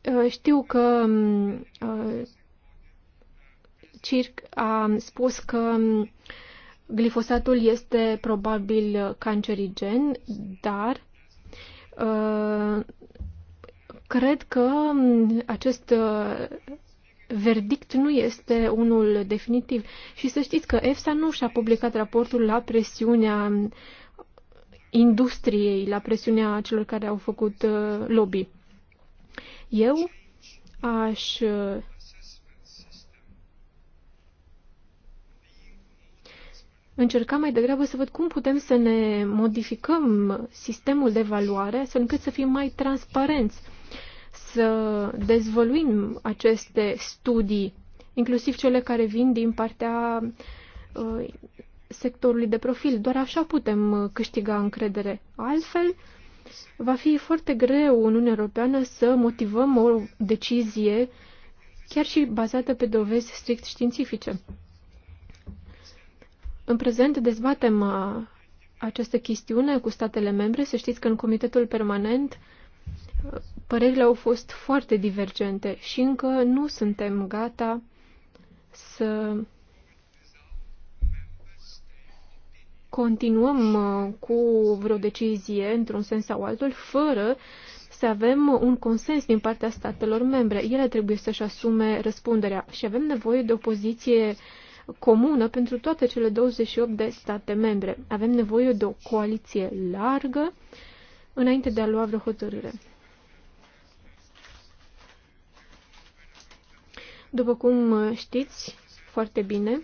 Uh, știu că um, uh, Circ a spus că um, glifosatul este probabil cancerigen, dar uh, cred că um, acest verdict nu este unul definitiv. Și să știți că EFSA nu și-a publicat raportul la presiunea industriei, la presiunea celor care au făcut lobby. Eu aș încerca mai degrabă să văd cum putem să ne modificăm sistemul de valoare astfel încât să fim mai transparenți, să dezvăluim aceste studii, inclusiv cele care vin din partea uh, sectorului de profil. Doar așa putem uh, câștiga încredere. Altfel, va fi foarte greu în Uniunea Europeană să motivăm o decizie chiar și bazată pe dovezi strict științifice. În prezent dezbatem uh, această chestiune cu statele membre. Să știți că în Comitetul Permanent uh, părerile au fost foarte divergente și încă nu suntem gata să continuăm uh, cu vreo decizie, într-un sens sau altul, fără să avem un consens din partea statelor membre. Ele trebuie să-și asume răspunderea și avem nevoie de o poziție comună pentru toate cele 28 de state membre. Avem nevoie de o coaliție largă înainte de a lua vreo hotărâre. După cum știți foarte bine,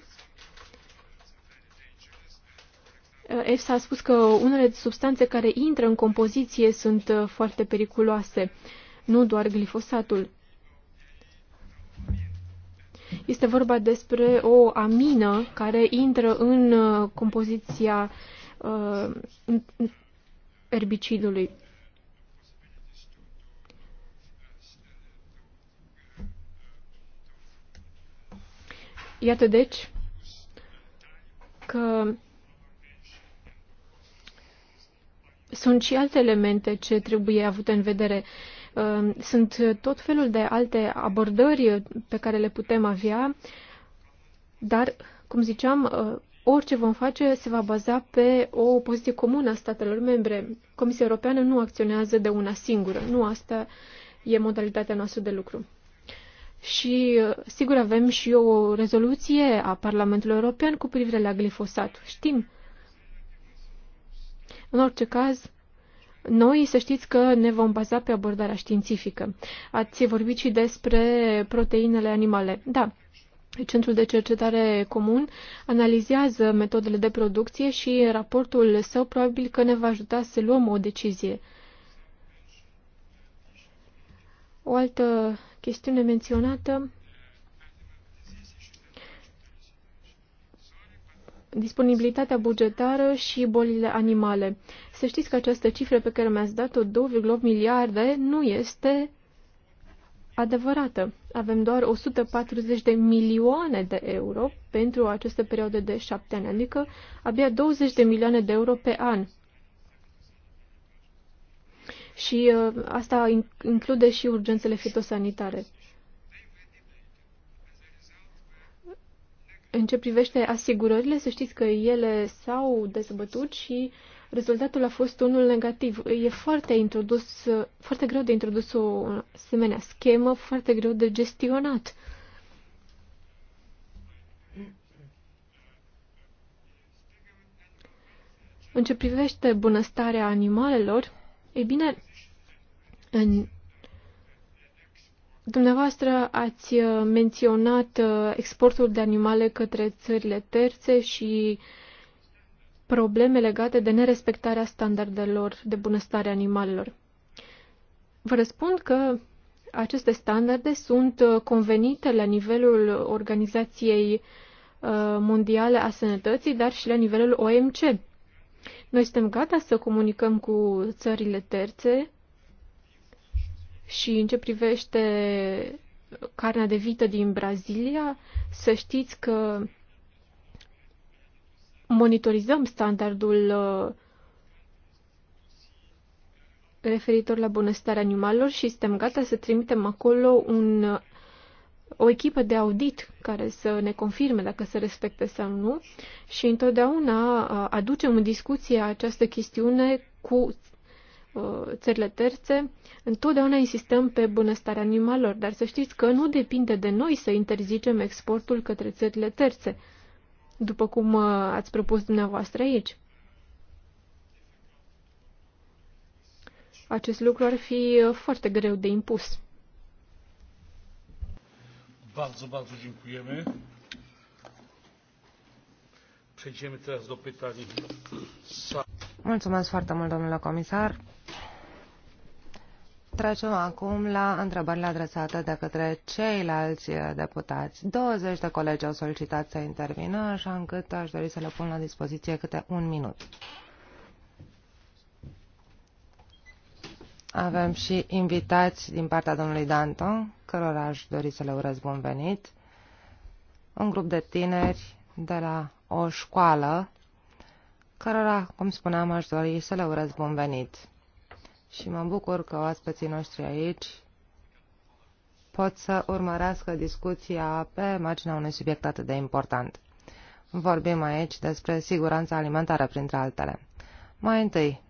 Eh, EFSA a spus că unele substanțe care intră în compoziție sunt eh, foarte periculoase, nu doar glifosatul. Este vorba despre o amină care intră în eh, compoziția uh, erbicidului. Iată deci că sunt și alte elemente ce trebuie avute în vedere. Uh, sunt tot felul de alte abordări pe care le putem avea, dar, cum ziceam, uh, orice vom face se va baza pe o poziție comună a statelor membre. Comisia Europeană nu acționează de una singură, nu asta e modalitatea noastră de lucru. Și uh, sigur avem și o rezoluție a Parlamentului European cu privire la glifosat. Știm în orice caz, noi să știți că ne vom baza pe abordarea științifică. Ați vorbit și despre proteinele animale. Da, Centrul de Cercetare Comun analizează metodele de producție și raportul său probabil că ne va ajuta să luăm o decizie. O altă chestiune menționată disponibilitatea bugetară și bolile animale. Să știți că această cifră pe care mi-ați dat-o, 2,8 miliarde, nu este adevărată. Avem doar 140 de milioane de euro pentru această perioadă de șapte ani, adică abia 20 de milioane de euro pe an. Și uh, asta include și urgențele fitosanitare. În ce privește asigurările, să știți că ele s-au dezbătut și rezultatul a fost unul negativ. E foarte, introdus, foarte greu de introdus o asemenea schemă, foarte greu de gestionat. În ce privește bunăstarea animalelor, e bine, în Dumneavoastră ați uh, menționat uh, exportul de animale către țările terțe și probleme legate de nerespectarea standardelor de bunăstare animalelor. Vă răspund că aceste standarde sunt uh, convenite la nivelul Organizației Mondiale a Sănătății, dar și la nivelul OMC. Noi suntem gata să comunicăm cu țările terțe și în ce privește carnea de vită din Brazilia, să știți că monitorizăm standardul uh, referitor la bunăstarea animalelor și suntem gata să trimitem acolo un, o echipă de audit care să ne confirme dacă se respectă sau nu și întotdeauna uh, aducem în discuție această chestiune cu Uh, țările terțe, întotdeauna insistăm pe bunăstarea animalelor, dar să știți că nu depinde de noi să interzicem exportul către țările terțe, după cum uh, ați propus dumneavoastră aici. Acest lucru ar fi uh, foarte greu de impus. Bardzo, bardzo dziękujemy. Przejdziemy teraz do pytań. Mulțumesc foarte mult, domnule comisar. Trecem acum la întrebările adresate de către ceilalți deputați. 20 de colegi au solicitat să intervină, așa încât aș dori să le pun la dispoziție câte un minut. Avem și invitați din partea domnului Danton, cărora aș dori să le urez bun venit. Un grup de tineri de la o școală, cărora, cum spuneam, aș dori să le urez bun venit și mă bucur că oaspeții noștri aici pot să urmărească discuția pe marginea unui subiect atât de important. Vorbim aici despre siguranța alimentară, printre altele. Mai întâi.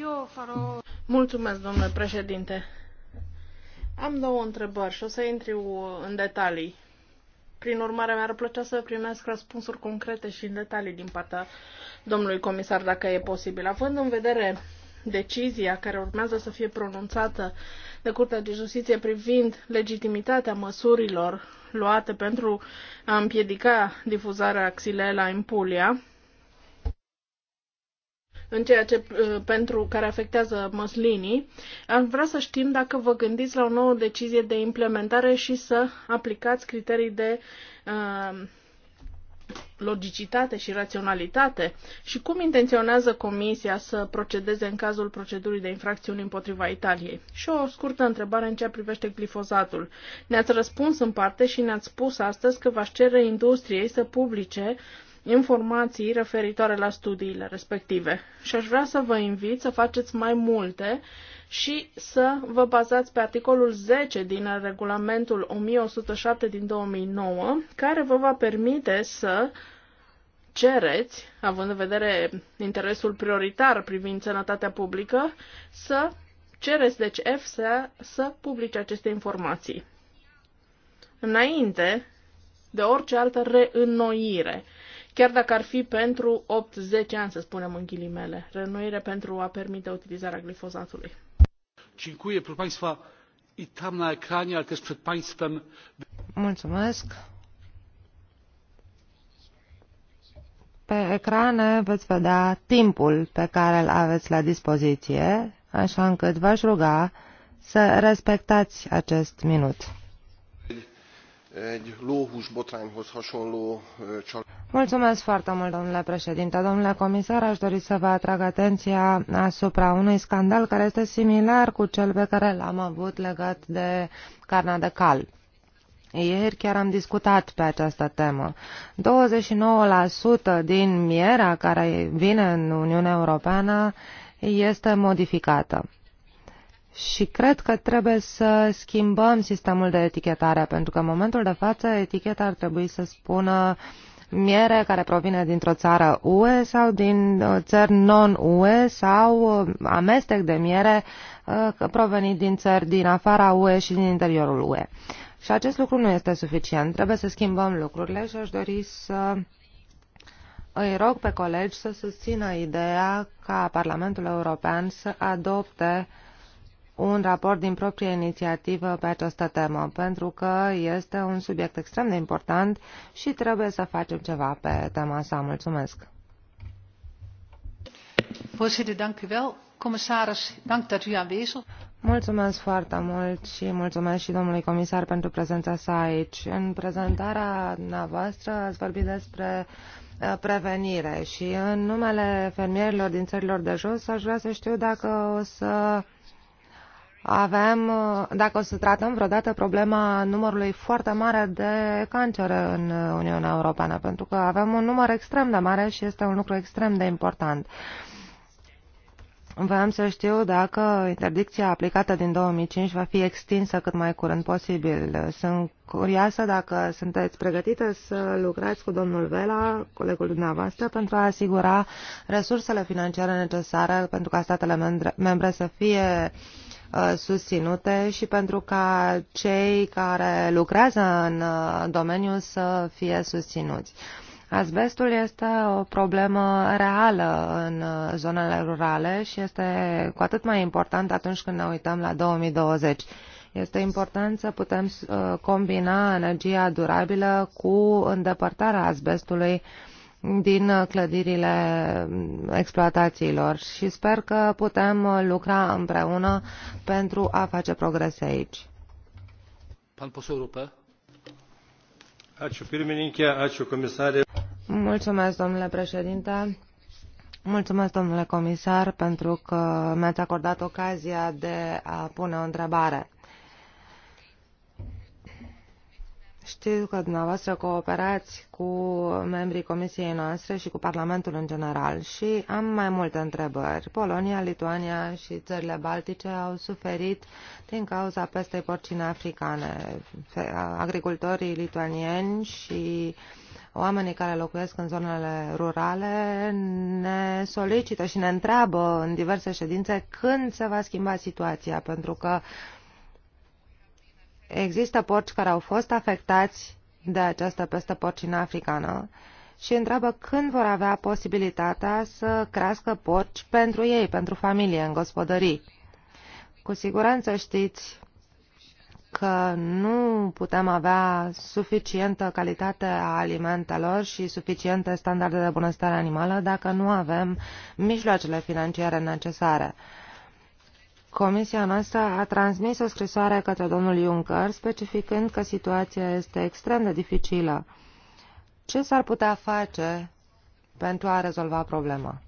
Eu, Faro... Mulțumesc, domnule președinte. Am două întrebări și o să intru în detalii. Prin urmare, mi-ar plăcea să primesc răspunsuri concrete și în detalii din partea domnului comisar, dacă e posibil. Având în vedere decizia care urmează să fie pronunțată de Curtea de Justiție privind legitimitatea măsurilor luate pentru a împiedica difuzarea xilela în Puglia, în ceea ce, uh, pentru care afectează măslinii, am vrea să știm dacă vă gândiți la o nouă decizie de implementare și să aplicați criterii de uh, logicitate și raționalitate și cum intenționează Comisia să procedeze în cazul procedurii de infracțiuni împotriva Italiei. Și o scurtă întrebare în ceea privește glifozatul. Ne-ați răspuns în parte și ne-ați spus astăzi că v-aș cere industriei să publice informații referitoare la studiile respective. Și aș vrea să vă invit să faceți mai multe și să vă bazați pe articolul 10 din regulamentul 1107 din 2009, care vă va permite să cereți, având în vedere interesul prioritar privind sănătatea publică, să cereți deci EFSA să publice aceste informații. Înainte de orice altă reînnoire chiar dacă ar fi pentru 8-10 ani, să spunem în ghilimele, renuire pentru a permite utilizarea glifozatului. Dziękuję, proszę Państwa, i tam na ekranie, ale też przed Państwem. Mulțumesc. Pe ecrane veți vedea timpul pe care îl aveți la dispoziție, așa încât v-aș ruga să respectați acest minut egy lóhús botrányhoz hasonló csalás. Mulțumesc foarte mult, domnule președinte. Domnule comisar, aș dori să vă atrag atenția asupra unui scandal care este similar cu cel pe care l-am avut legat de carnea de cal. Ieri chiar am discutat pe această temă. 29% din mierea care vine în Uniunea Europeană este modificată. Și cred că trebuie să schimbăm sistemul de etichetare, pentru că în momentul de față eticheta ar trebui să spună miere care provine dintr-o țară UE sau din uh, țări non-UE sau uh, amestec de miere uh, provenit din țări din afara UE și din interiorul UE. Și acest lucru nu este suficient. Trebuie să schimbăm lucrurile și aș dori să îi rog pe colegi să susțină ideea ca Parlamentul European să adopte uh, un raport din proprie inițiativă pe această temă, pentru că este un subiect extrem de important și trebuie să facem ceva pe tema sa. Mulțumesc! Mulțumesc foarte mult și mulțumesc și domnului comisar pentru prezența sa aici. În prezentarea noastră ați vorbit despre uh, prevenire și în numele fermierilor din țărilor de jos aș vrea să știu dacă o să avem, uh, dacă o să tratăm vreodată problema numărului foarte mare de cancere în uh, Uniunea Europeană, pentru că avem un număr extrem de mare și este un lucru extrem de important. Vreau să știu dacă interdicția aplicată din 2005 va fi extinsă cât mai curând posibil. Sunt curioasă dacă sunteți pregătite să lucrați cu domnul Vela, colegul dumneavoastră, pentru a asigura resursele financiare necesare pentru ca statele membre să fie uh, Uh, susținute și pentru ca cei care lucrează în uh, domeniu să fie susținuți. Asbestul este o problemă reală în uh, zonele rurale și este cu atât mai important atunci când ne uităm la 2020. Este important să putem combina energia durabilă cu îndepărtarea asbestului uh, din uh, clădirile mm, exploatațiilor și sper că putem uh, lucra împreună pentru a face progrese aici. Pan Mulțumesc, domnule președinte. Mulțumesc, domnule comisar, pentru că mi-ați acordat ocazia de a pune o întrebare. Știu că dumneavoastră cooperați cu membrii comisiei noastre și cu Parlamentul în general și am mai multe întrebări. Polonia, Lituania și țările Baltice au suferit din cauza pestei porcine africane. Agricultorii lituanieni și oamenii care locuiesc în zonele rurale ne solicită și ne întreabă în diverse ședințe când se va schimba situația, pentru că există porci care au fost afectați de această peste porcină africană și întreabă când vor avea posibilitatea să crească porci pentru ei, pentru familie, în gospodării. Cu siguranță știți că nu putem avea suficientă calitate a alimentelor și suficiente standarde de bunăstare animală dacă nu avem mijloacele financiare necesare. Comisia noastră a transmis o scrisoare către domnul Juncker specificând că situația este extrem de dificilă. Ce s-ar putea face pentru a rezolva problema?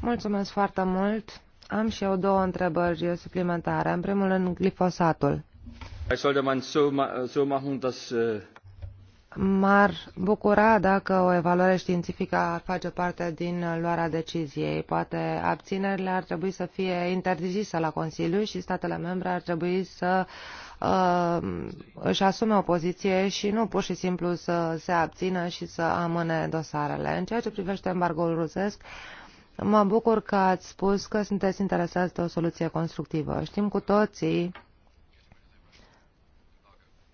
Mulțumesc foarte mult. Am și eu două întrebări suplimentare. În primul rând, glifosatul. Sollte man so, so machen, dass äh, M-ar bucura dacă o evaluare științifică ar face parte din luarea deciziei. Poate abținerile ar trebui să fie interzise la Consiliu și statele membre ar trebui să uh, își asume o poziție și nu pur și simplu să se abțină și să amâne dosarele. În ceea ce privește embargoul rusesc, mă bucur că ați spus că sunteți interesați de o soluție constructivă. Știm cu toții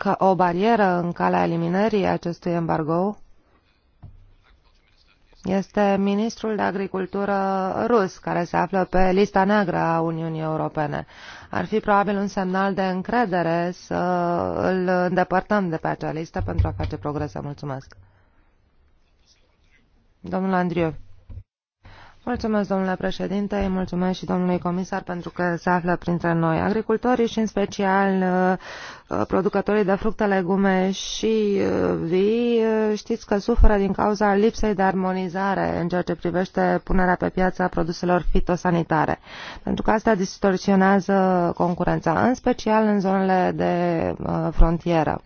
ca o barieră în calea eliminării acestui embargo este ministrul de agricultură rus, care se află pe lista neagră a Uniunii Europene. Ar fi probabil un semnal de încredere să îl îndepărtăm de pe acea listă pentru a face progrese. Mulțumesc. Domnul Andriu. Mulțumesc, domnule președinte, mulțumesc și domnului comisar pentru că se află printre noi. Agricultorii și, în special, Uh, producătorii de fructe, legume și uh, vii, uh, știți că suferă din cauza lipsei de armonizare în ceea ce privește punerea pe piață a produselor fitosanitare, pentru că asta distorsionează concurența, în special în zonele de frontieră.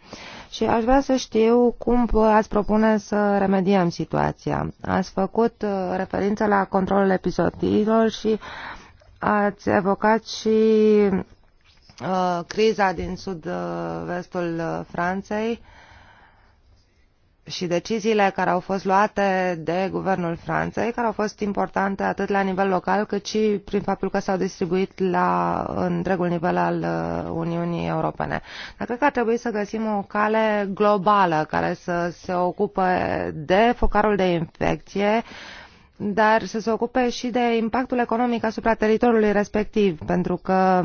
Și aș vrea să știu cum ați propune să remediem situația. Ați făcut referință la controlul episodiilor și ați evocat și Uh, criza din sud-vestul uh, Franței și deciziile care au fost luate de guvernul Franței, care au fost importante atât la nivel local cât și prin faptul că s-au distribuit la întregul nivel al uh, Uniunii Europene. Dar cred că ar trebui să găsim o cale globală care să se ocupe de focarul de infecție, dar să se ocupe și de impactul economic asupra teritoriului respectiv, pentru că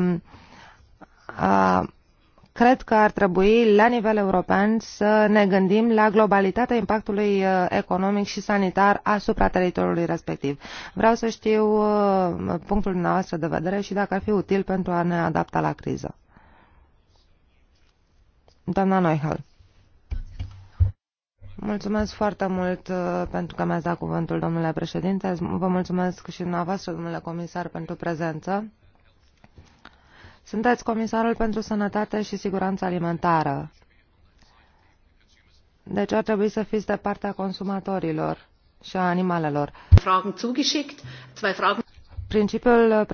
cred că ar trebui la nivel european să ne gândim la globalitatea impactului uh, economic și sanitar asupra teritoriului respectiv. Vreau să știu uh, punctul dumneavoastră de vedere și dacă ar fi util pentru a ne adapta la criză. Doamna Neuhal. Mulțumesc foarte mult uh, pentru că mi-ați dat cuvântul, domnule președinte. Vă mulțumesc și dumneavoastră, domnule comisar, pentru prezență. Sunteți comisarul pentru sănătate și siguranță alimentară. Deci ar trebui să fiți de partea consumatorilor și a animalelor. Principiul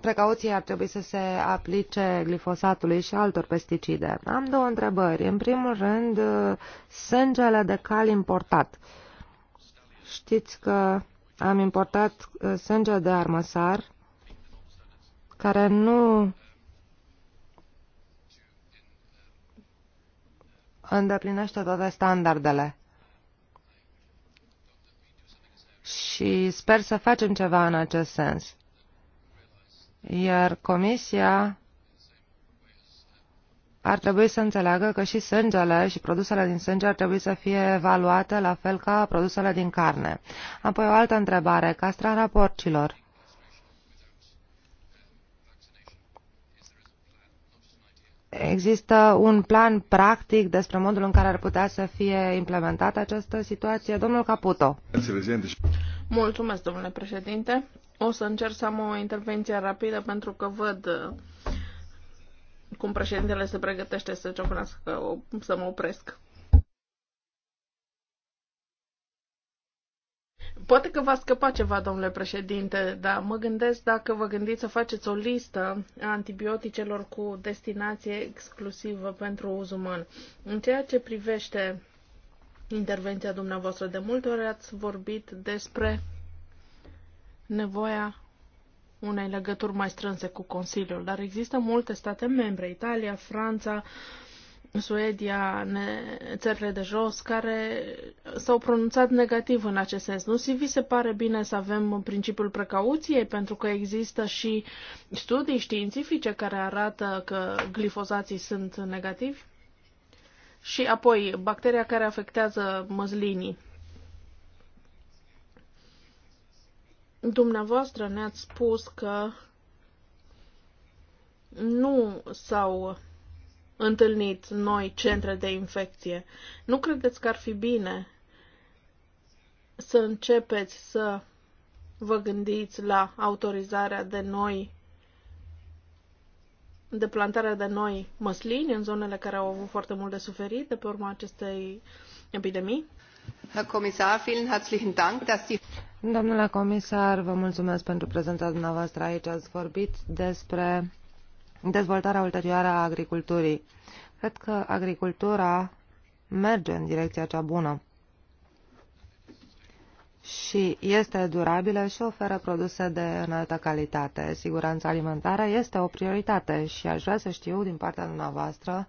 precauției ar trebui să se aplice glifosatului și altor pesticide. Am două întrebări. În primul rând, sângele de cal importat. Știți că am importat uh, sânge de armăsar care nu îndeplinește toate standardele. Și sper să facem ceva în acest sens. Iar Comisia ar trebui să înțeleagă că și sângele și produsele din sânge ar trebui să fie evaluate la fel ca produsele din carne. Apoi o altă întrebare, castrarea porcilor. Există un plan practic despre modul în care ar putea să fie implementată această situație? Domnul Caputo. Mulțumesc, domnule președinte. O să încerc să am o intervenție rapidă pentru că văd uh, cum președintele se pregătește să ciocnească, să mă opresc. Poate că va scăpa ceva, domnule președinte, dar mă gândesc dacă vă gândiți să faceți o listă a antibioticelor cu destinație exclusivă pentru uz uman. În ceea ce privește intervenția dumneavoastră, de multe ori ați vorbit despre nevoia unei legături mai strânse cu Consiliul, dar există multe state membre, Italia, Franța, uh, Suedia, ne, țările de jos, care s-au pronunțat negativ în acest sens. Nu vi se pare bine să avem principiul precauției, pentru că există și studii științifice care arată că glifozații sunt negativi? Și apoi, bacteria care afectează măslinii. Dumneavoastră ne-ați spus că nu s-au întâlnit noi centre de infecție. Nu credeți că ar fi bine să începeți să vă gândiți la autorizarea de noi de plantarea de noi măslini în zonele care au avut foarte mult de suferit de pe urma acestei epidemii? Herr Kommissar, vielen herzlichen Dank, dass Sie... Domnule comisar, vă mulțumesc pentru prezența dumneavoastră aici. Ați vorbit despre dezvoltarea ulterioară a agriculturii. Cred că agricultura merge în direcția cea bună și este durabilă și oferă produse de înaltă calitate. Siguranța alimentară este o prioritate și aș vrea să știu din partea dumneavoastră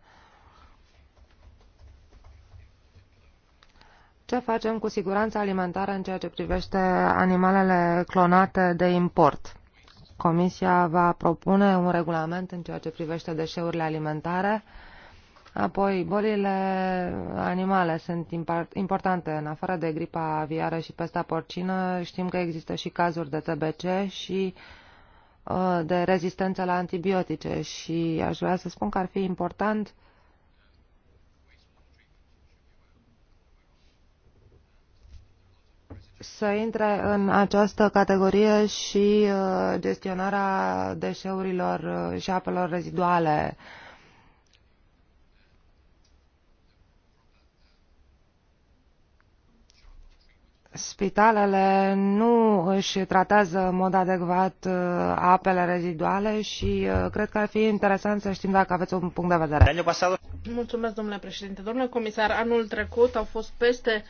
ce facem cu siguranța alimentară în ceea ce privește animalele clonate de import. Comisia va propune un regulament în ceea ce privește deșeurile alimentare. Apoi, bolile animale sunt importante. În afară de gripa aviară și pesta porcină, știm că există și cazuri de TBC și uh, de rezistență la antibiotice și aș vrea să spun că ar fi important uh, să intre în această categorie și uh, gestionarea deșeurilor uh, și apelor reziduale. Spitalele nu își tratează în mod adecvat uh, apele reziduale și cred că ar fi interesant să știm dacă aveți un punct de vedere. Mulțumesc, domnule președinte. Domnule comisar, anul trecut au fost peste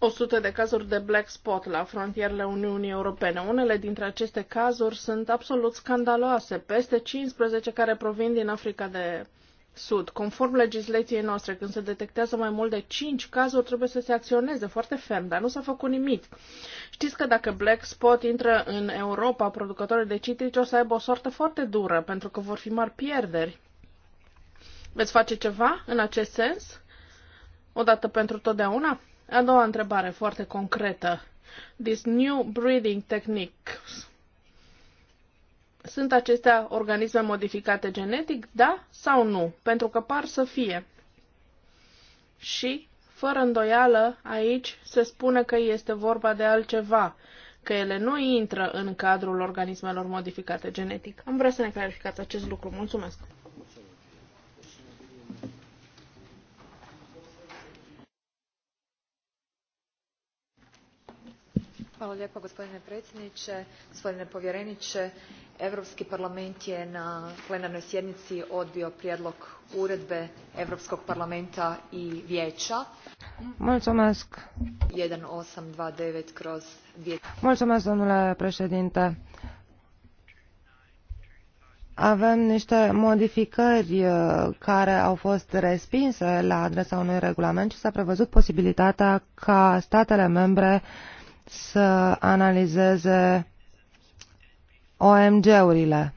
100 de cazuri de black spot la frontierele Uniunii Europene. Unele dintre aceste cazuri sunt absolut scandaloase, peste 15 care provin din Africa de Sud. Conform legislației noastre, când se detectează mai mult de 5 cazuri, trebuie să se acționeze foarte ferm, dar nu s-a făcut nimic. Știți că dacă Black Spot intră în Europa, producătorii de citrici o să aibă o soartă foarte dură, pentru că vor fi mari pierderi. Veți face ceva în acest sens? Odată pentru totdeauna? A doua întrebare foarte concretă. This new breeding techniques. Sunt acestea organisme modificate genetic, da sau nu? Pentru că par să fie. Și, fără îndoială, aici se spune că este vorba de altceva, că ele nu intră în cadrul organismelor modificate genetic. Am vrea să ne clarificați acest lucru. Mulțumesc! gospodine predsjednie gospodine povjerenie europski parlament je na plenarnoj sjednici odbio prijedlog uredbe europskog parlamenta i vijea one thousand eight hundred and twenty nine avem nite modificări uh, care au fost respinse la adresa unui regulament i s-a prevăzut posibilitatea ca statele membre să analizeze OMG-urile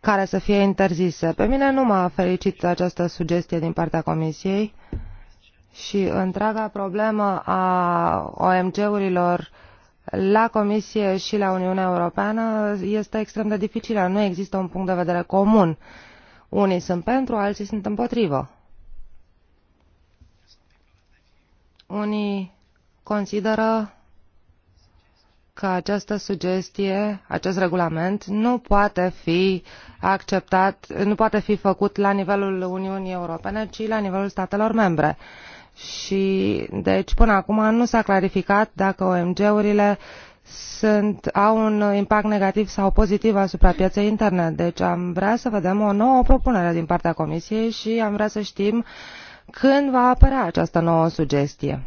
care să fie interzise. Pe mine nu m-a fericit această sugestie din partea Comisiei și întreaga problemă a OMG-urilor la Comisie și la Uniunea Europeană este extrem de dificilă. Nu există un punct de vedere comun. Unii sunt pentru, alții sunt împotrivă. Unii consideră că această sugestie, acest regulament, nu poate fi acceptat, nu poate fi făcut la nivelul Uniunii Europene, ci la nivelul statelor membre. Și, deci, până acum nu s-a clarificat dacă OMG-urile sunt, au un impact negativ sau pozitiv asupra pieței interne. Deci am vrea să vedem o nouă propunere din partea Comisiei și am vrea să știm când va apărea această nouă sugestie.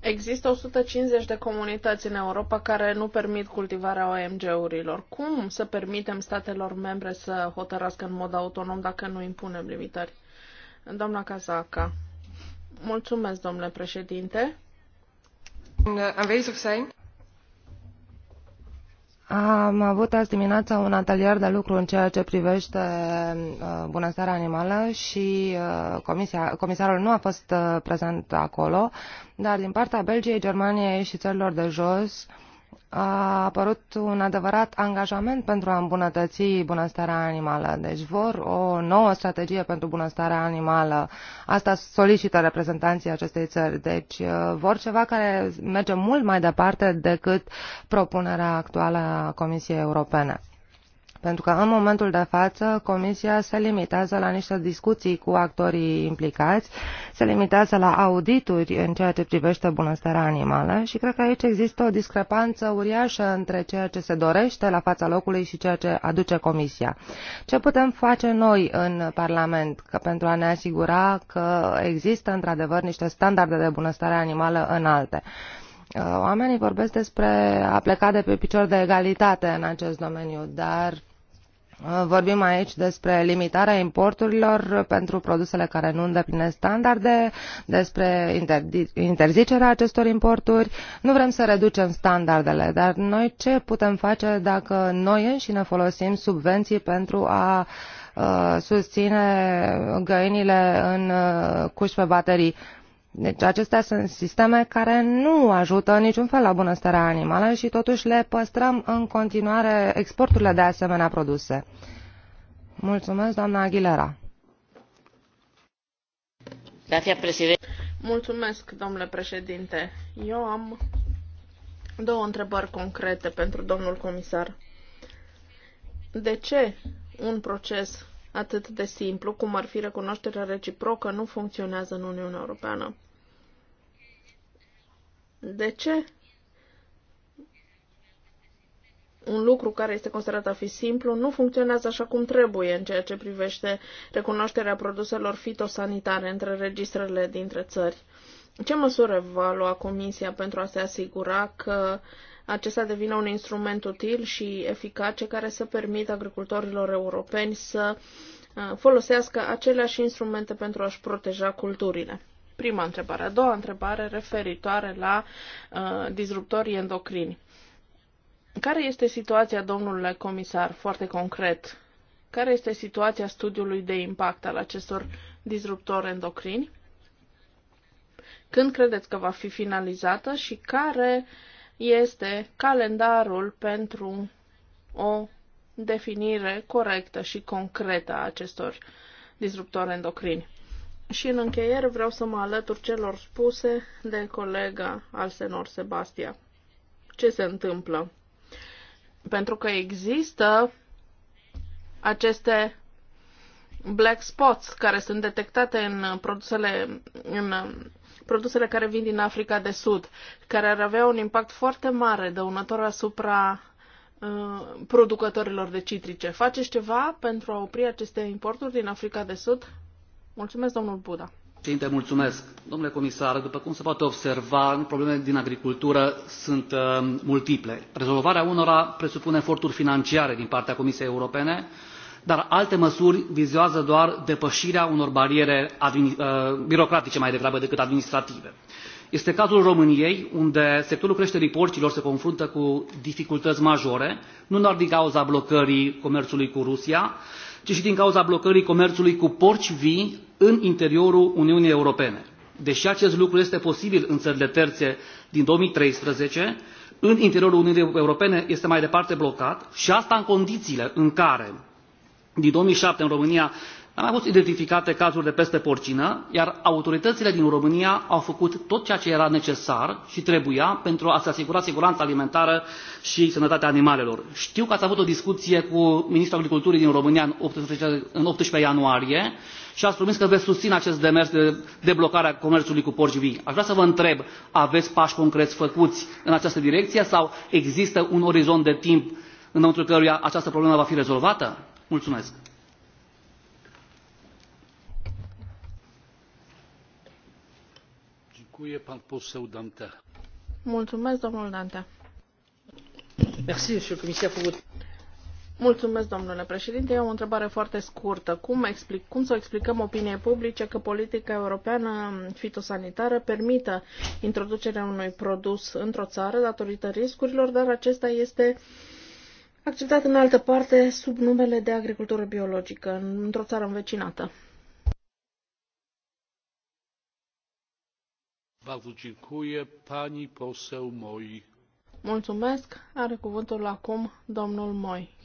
Există 150 de comunități în Europa care nu permit cultivarea OMG-urilor. Cum să permitem statelor membre să hotărască în mod autonom dacă nu impunem limitări? Doamna Cazaca. Mulțumesc, domnule președinte. Aanwezig zijn. Am avut azi dimineața un atelier de lucru în ceea ce privește uh, bunăstarea animală și uh, comisia, comisarul nu a fost uh, prezent acolo, dar din partea Belgiei, Germaniei și țărilor de jos, a apărut un adevărat angajament pentru a îmbunătăți bunăstarea animală. Deci vor o nouă strategie pentru bunăstarea animală. Asta solicită reprezentanții acestei țări. Deci uh, vor ceva care merge mult mai departe decât propunerea actuală a Comisiei Europene. Pentru că în momentul de față Comisia se limitează la niște discuții cu actorii implicați, se limitează la audituri în ceea ce privește bunăstarea animală și cred că aici există o discrepanță uriașă între ceea ce se dorește la fața locului și ceea ce aduce Comisia. Ce putem face noi în Parlament că pentru a ne asigura că există într-adevăr niște standarde de bunăstare animală înalte? Uh, oamenii vorbesc despre a pleca de pe picior de egalitate în acest domeniu, dar Vorbim aici despre limitarea importurilor pentru produsele care nu îndeplinesc standarde, despre interzicerea acestor importuri. Nu vrem să reducem standardele, dar noi ce putem face dacă noi înșine folosim subvenții pentru a susține găinile în cuși pe baterii? Deci acestea sunt sisteme care nu ajută în niciun fel la bunăstarea animală și totuși le păstrăm în continuare exporturile de asemenea produse. Mulțumesc, doamna Aguilera. Mulțumesc, domnule președinte. Eu am două întrebări concrete pentru domnul comisar. De ce un proces atât de simplu cum ar fi recunoașterea reciprocă nu funcționează în Uniunea Europeană. De ce? Un lucru care este considerat a fi simplu nu funcționează așa cum trebuie în ceea ce privește recunoașterea produselor fitosanitare între registrele dintre țări. Ce măsură va lua Comisia pentru a se asigura că uh, acestea devină un instrument util și eficace care să permită agricultorilor europeni să uh, folosească aceleași instrumente pentru a-și proteja culturile. Prima întrebare. A doua întrebare referitoare la uh, disruptorii endocrini. Care este situația, domnule comisar, foarte concret? Care este situația studiului de impact al acestor disruptori endocrini? Când credeți că va fi finalizată și care uh, este calendarul pentru o definire corectă și concretă a acestor disruptori endocrini. Și în încheiere vreau să mă alătur celor spuse de colega Alsenor Sebastia. Ce se întâmplă? Pentru că există aceste black spots care sunt detectate în produsele, în produsele care vin din Africa de Sud, care ar avea un impact foarte mare dăunător asupra uh, producătorilor de citrice. Faceți ceva pentru a opri aceste importuri din Africa de Sud? Mulțumesc, domnul Buda. Președinte, mulțumesc. Domnule comisar, după cum se poate observa, problemele din agricultură sunt uh, multiple. Rezolvarea unora presupune eforturi financiare din partea Comisiei Europene, uh, dar alte măsuri vizează doar depășirea unor bariere uh, birocratice mai degrabă decât administrative. Este cazul României, unde sectorul creșterii porcilor se confruntă cu dificultăți majore, nu doar din cauza blocării comerțului cu Rusia, ci și din cauza blocării comerțului cu porci vii în interiorul Uniunii Europene. Deși acest lucru este posibil în țările terțe din 2013, în interiorul Uniunii Europene este mai departe blocat și asta în condițiile în care din două mii șapte în românia au mai fost identificate cazuri de peste porcină iar autoritățile din românia au făcut tot ceea ce era necesar și trebuia pentru a se asigura siguranța alimentară și sănătatea animalelor. știu că ați avut o discuție cu ministrul agriculturii din românia în optsprezece ianuarie și ați promis că veți susține acest demers de deblocare a comerțului cu porci vii. aș vrea să vă întreb aveți pași concreți făcuți în această direcție sau există un orizont de timp înăuntru căruia această problemă va fi rezolvată? Mulțumesc! Mulțumesc, domnul Dante. Mulțumesc, domnule președinte. Eu am o întrebare foarte scurtă. Cum, explic, cum să explicăm opiniei publice că politica europeană fitosanitară permită introducerea unui produs într-o țară datorită riscurilor, dar acesta este uh, acceptat în altă parte sub numele de agricultură biologică, într-o țară învecinată. Mulțumesc. Are cuvântul acum domnul Moi.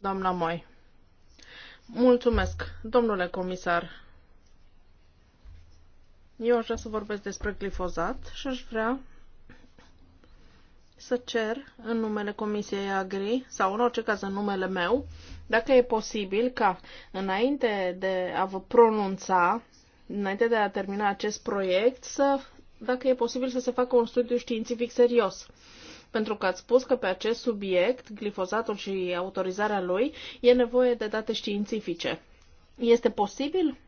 Doamna Moi. Mulțumesc, domnule comisar. Eu aș vrea să vorbesc despre glifozat și aș vrea să cer în numele Comisiei Agri sau în orice caz în numele meu, dacă e posibil ca înainte de a vă pronunța, înainte de a termina acest proiect, să, dacă e posibil să se facă un studiu științific serios pentru că ați spus că pe acest subiect, glifozatul și autorizarea lui, e nevoie de date științifice. Este posibil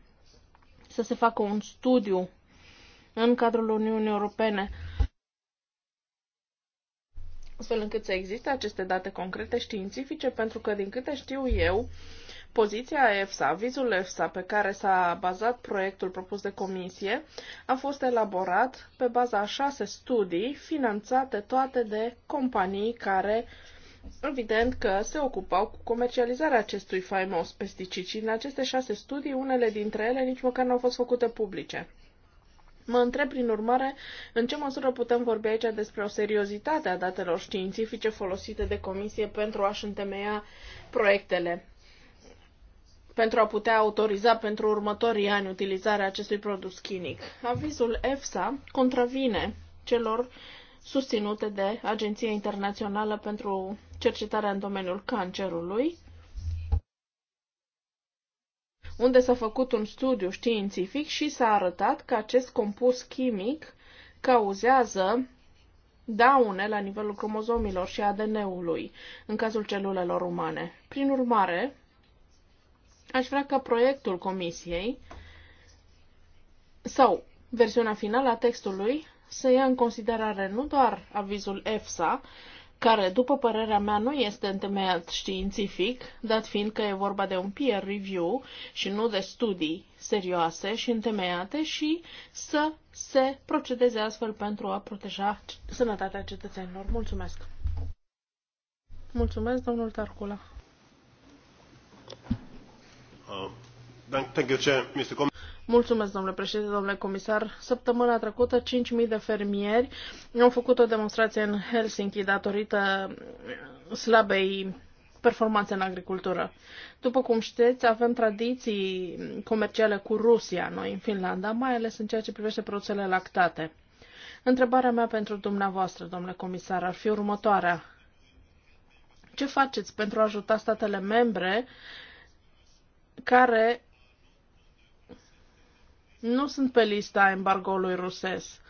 să se facă un studiu în cadrul Uniunii Europene astfel încât să existe aceste date concrete științifice, pentru că, din câte știu eu, poziția EFSA, vizul EFSA pe care s-a bazat proiectul propus de comisie, a fost elaborat pe baza a șase studii finanțate toate de companii care Evident că se ocupau cu comercializarea acestui faimos pesticid și în aceste șase studii, unele dintre ele nici măcar nu au fost făcute publice. Mă întreb, prin urmare, în ce măsură putem vorbi aici despre o seriozitate a datelor științifice folosite de comisie pentru a-și întemeia proiectele, pentru a putea autoriza pentru următorii ani utilizarea acestui produs chimic. Avizul EFSA contravine celor susținute de Agenția Internațională pentru Cercetarea în domeniul cancerului, unde s-a făcut un studiu științific și s-a arătat că acest compus chimic cauzează daune la nivelul cromozomilor și ADN-ului în cazul celulelor umane. Prin urmare, aș vrea ca proiectul comisiei sau versiunea finală a textului să ia în considerare nu doar avizul EFSA, care, după părerea mea, nu este întemeiat științific, dat fiind că e vorba de un peer review și nu de studii serioase și întemeiate și să se procedeze astfel pentru a proteja sănătatea cetățenilor. Mulțumesc! Mulțumesc, domnul Tarcula. Uh, thank you, Chair. Mr. Com Mulțumesc, domnule președinte, domnule comisar. Săptămâna trecută, 5.000 de fermieri au făcut o demonstrație în Helsinki datorită slabei performanțe în agricultură. După cum știți, avem tradiții comerciale cu Rusia, noi în Finlanda, mai ales în ceea ce privește produsele lactate. Întrebarea mea pentru dumneavoastră, domnule comisar, ar fi următoarea. Ce faceți pentru a ajuta statele membre care nu sunt pe lista embargoului rusesc.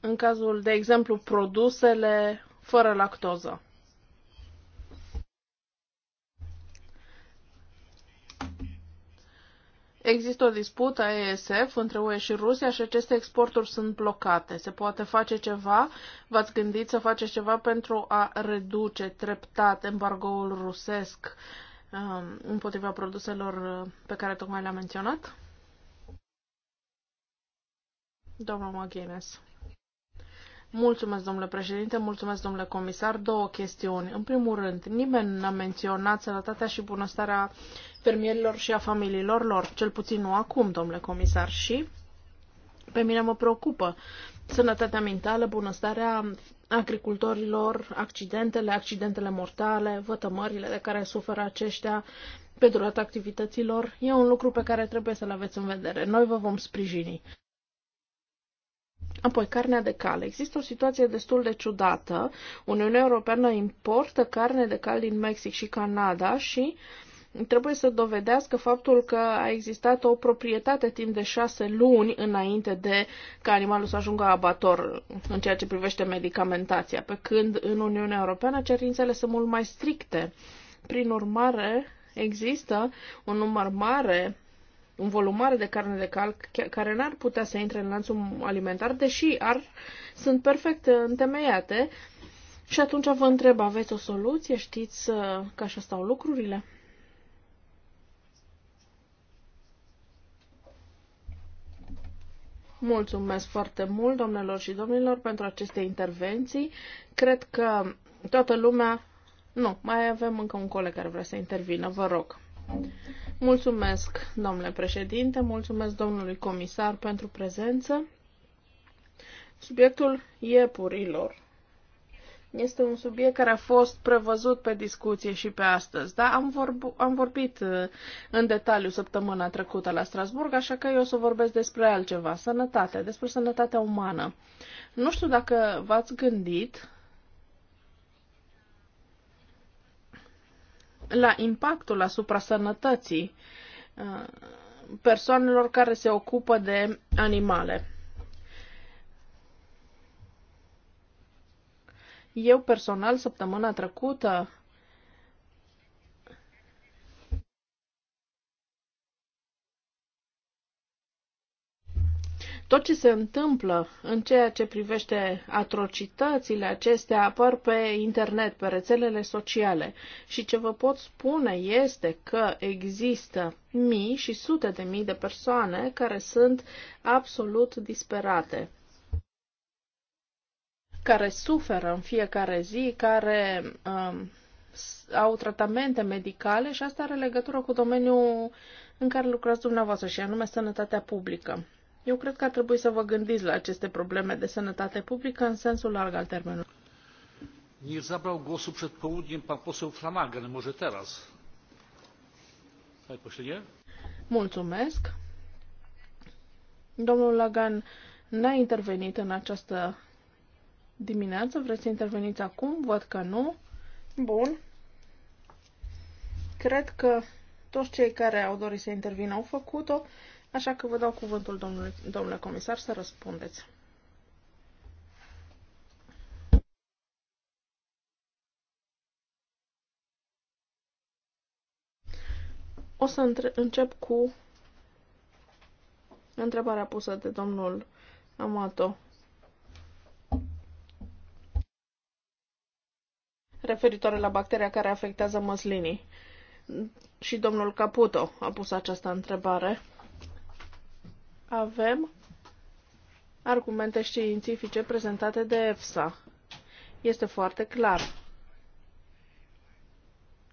În cazul, de exemplu, produsele fără lactoză. Există o dispută a ESF între UE și Rusia și aceste exporturi sunt blocate. Se poate face ceva? V-ați gândit să faceți ceva pentru a reduce treptat embargoul rusesc um, împotriva produselor pe care tocmai le-am menționat? Domnul McGuinness. Mulțumesc, domnule președinte, mulțumesc, domnule comisar. Două chestiuni. În primul rând, nimeni n-a menționat sănătatea și bunăstarea fermierilor și a familiilor lor, cel puțin nu acum, domnule comisar. Și pe mine mă preocupă sănătatea mentală, bunăstarea agricultorilor, accidentele, accidentele mortale, vătămările de care suferă aceștia pe durata activităților. E un lucru pe care trebuie să-l aveți în vedere. Noi vă vom sprijini. Apoi, carnea de cal. Există o situație destul de ciudată. Uniunea Europeană importă carne de cal din Mexic și Canada și trebuie să dovedească faptul că a existat o proprietate timp de șase luni înainte de ca animalul să ajungă abator în ceea ce privește medicamentația, pe când în Uniunea Europeană cerințele sunt mult mai stricte. Prin urmare, există un număr mare un volum mare de carne de calc care n-ar putea să intre în lanțul alimentar, deși ar, sunt perfect întemeiate. Și atunci vă întreb, aveți o soluție? Știți uh, că așa stau lucrurile? Mulțumesc foarte mult, domnilor și domnilor, pentru aceste intervenții. Cred că toată lumea... Nu, mai avem încă un coleg care vrea să intervină, vă rog. Mulțumesc, domnule președinte, mulțumesc domnului comisar pentru prezență. Subiectul iepurilor este un subiect care a fost prevăzut pe discuție și pe astăzi, dar am, vorbu- am vorbit uh, în detaliu săptămâna trecută la Strasburg, așa că eu o să vorbesc despre altceva, sănătate, despre sănătatea umană. Nu știu dacă v-ați gândit la impactul asupra sănătății uh, persoanelor care se ocupă de animale. Eu personal, săptămâna trecută, Tot ce se întâmplă în ceea ce privește atrocitățile acestea apar pe internet, pe rețelele sociale. Și ce vă pot spune este că există mii și sute de mii de persoane care sunt absolut disperate care suferă în fiecare zi, care um, au tratamente medicale și asta are legătură cu domeniul în care lucrați dumneavoastră și anume sănătatea publică. Eu cred că ar trebui să vă gândiți la aceste probleme de sănătate publică în sensul larg al termenului. Nie zabrał głosu przed południem pan poseł Flanagan, może teraz. Panie pośle, Mulțumesc. Domnul Lagan n-a intervenit în această dimineață. Vreți să interveniți acum? Văd că nu. Bun. Cred că toți cei care au dorit să intervină au făcut-o. Așa că vă dau cuvântul, domnule, domnule comisar, să răspundeți. O să încep cu întrebarea pusă de domnul Amato referitoare la bacteria care afectează măslinii. Și domnul Caputo a pus această întrebare avem argumente științifice prezentate de EFSA. Este foarte clar.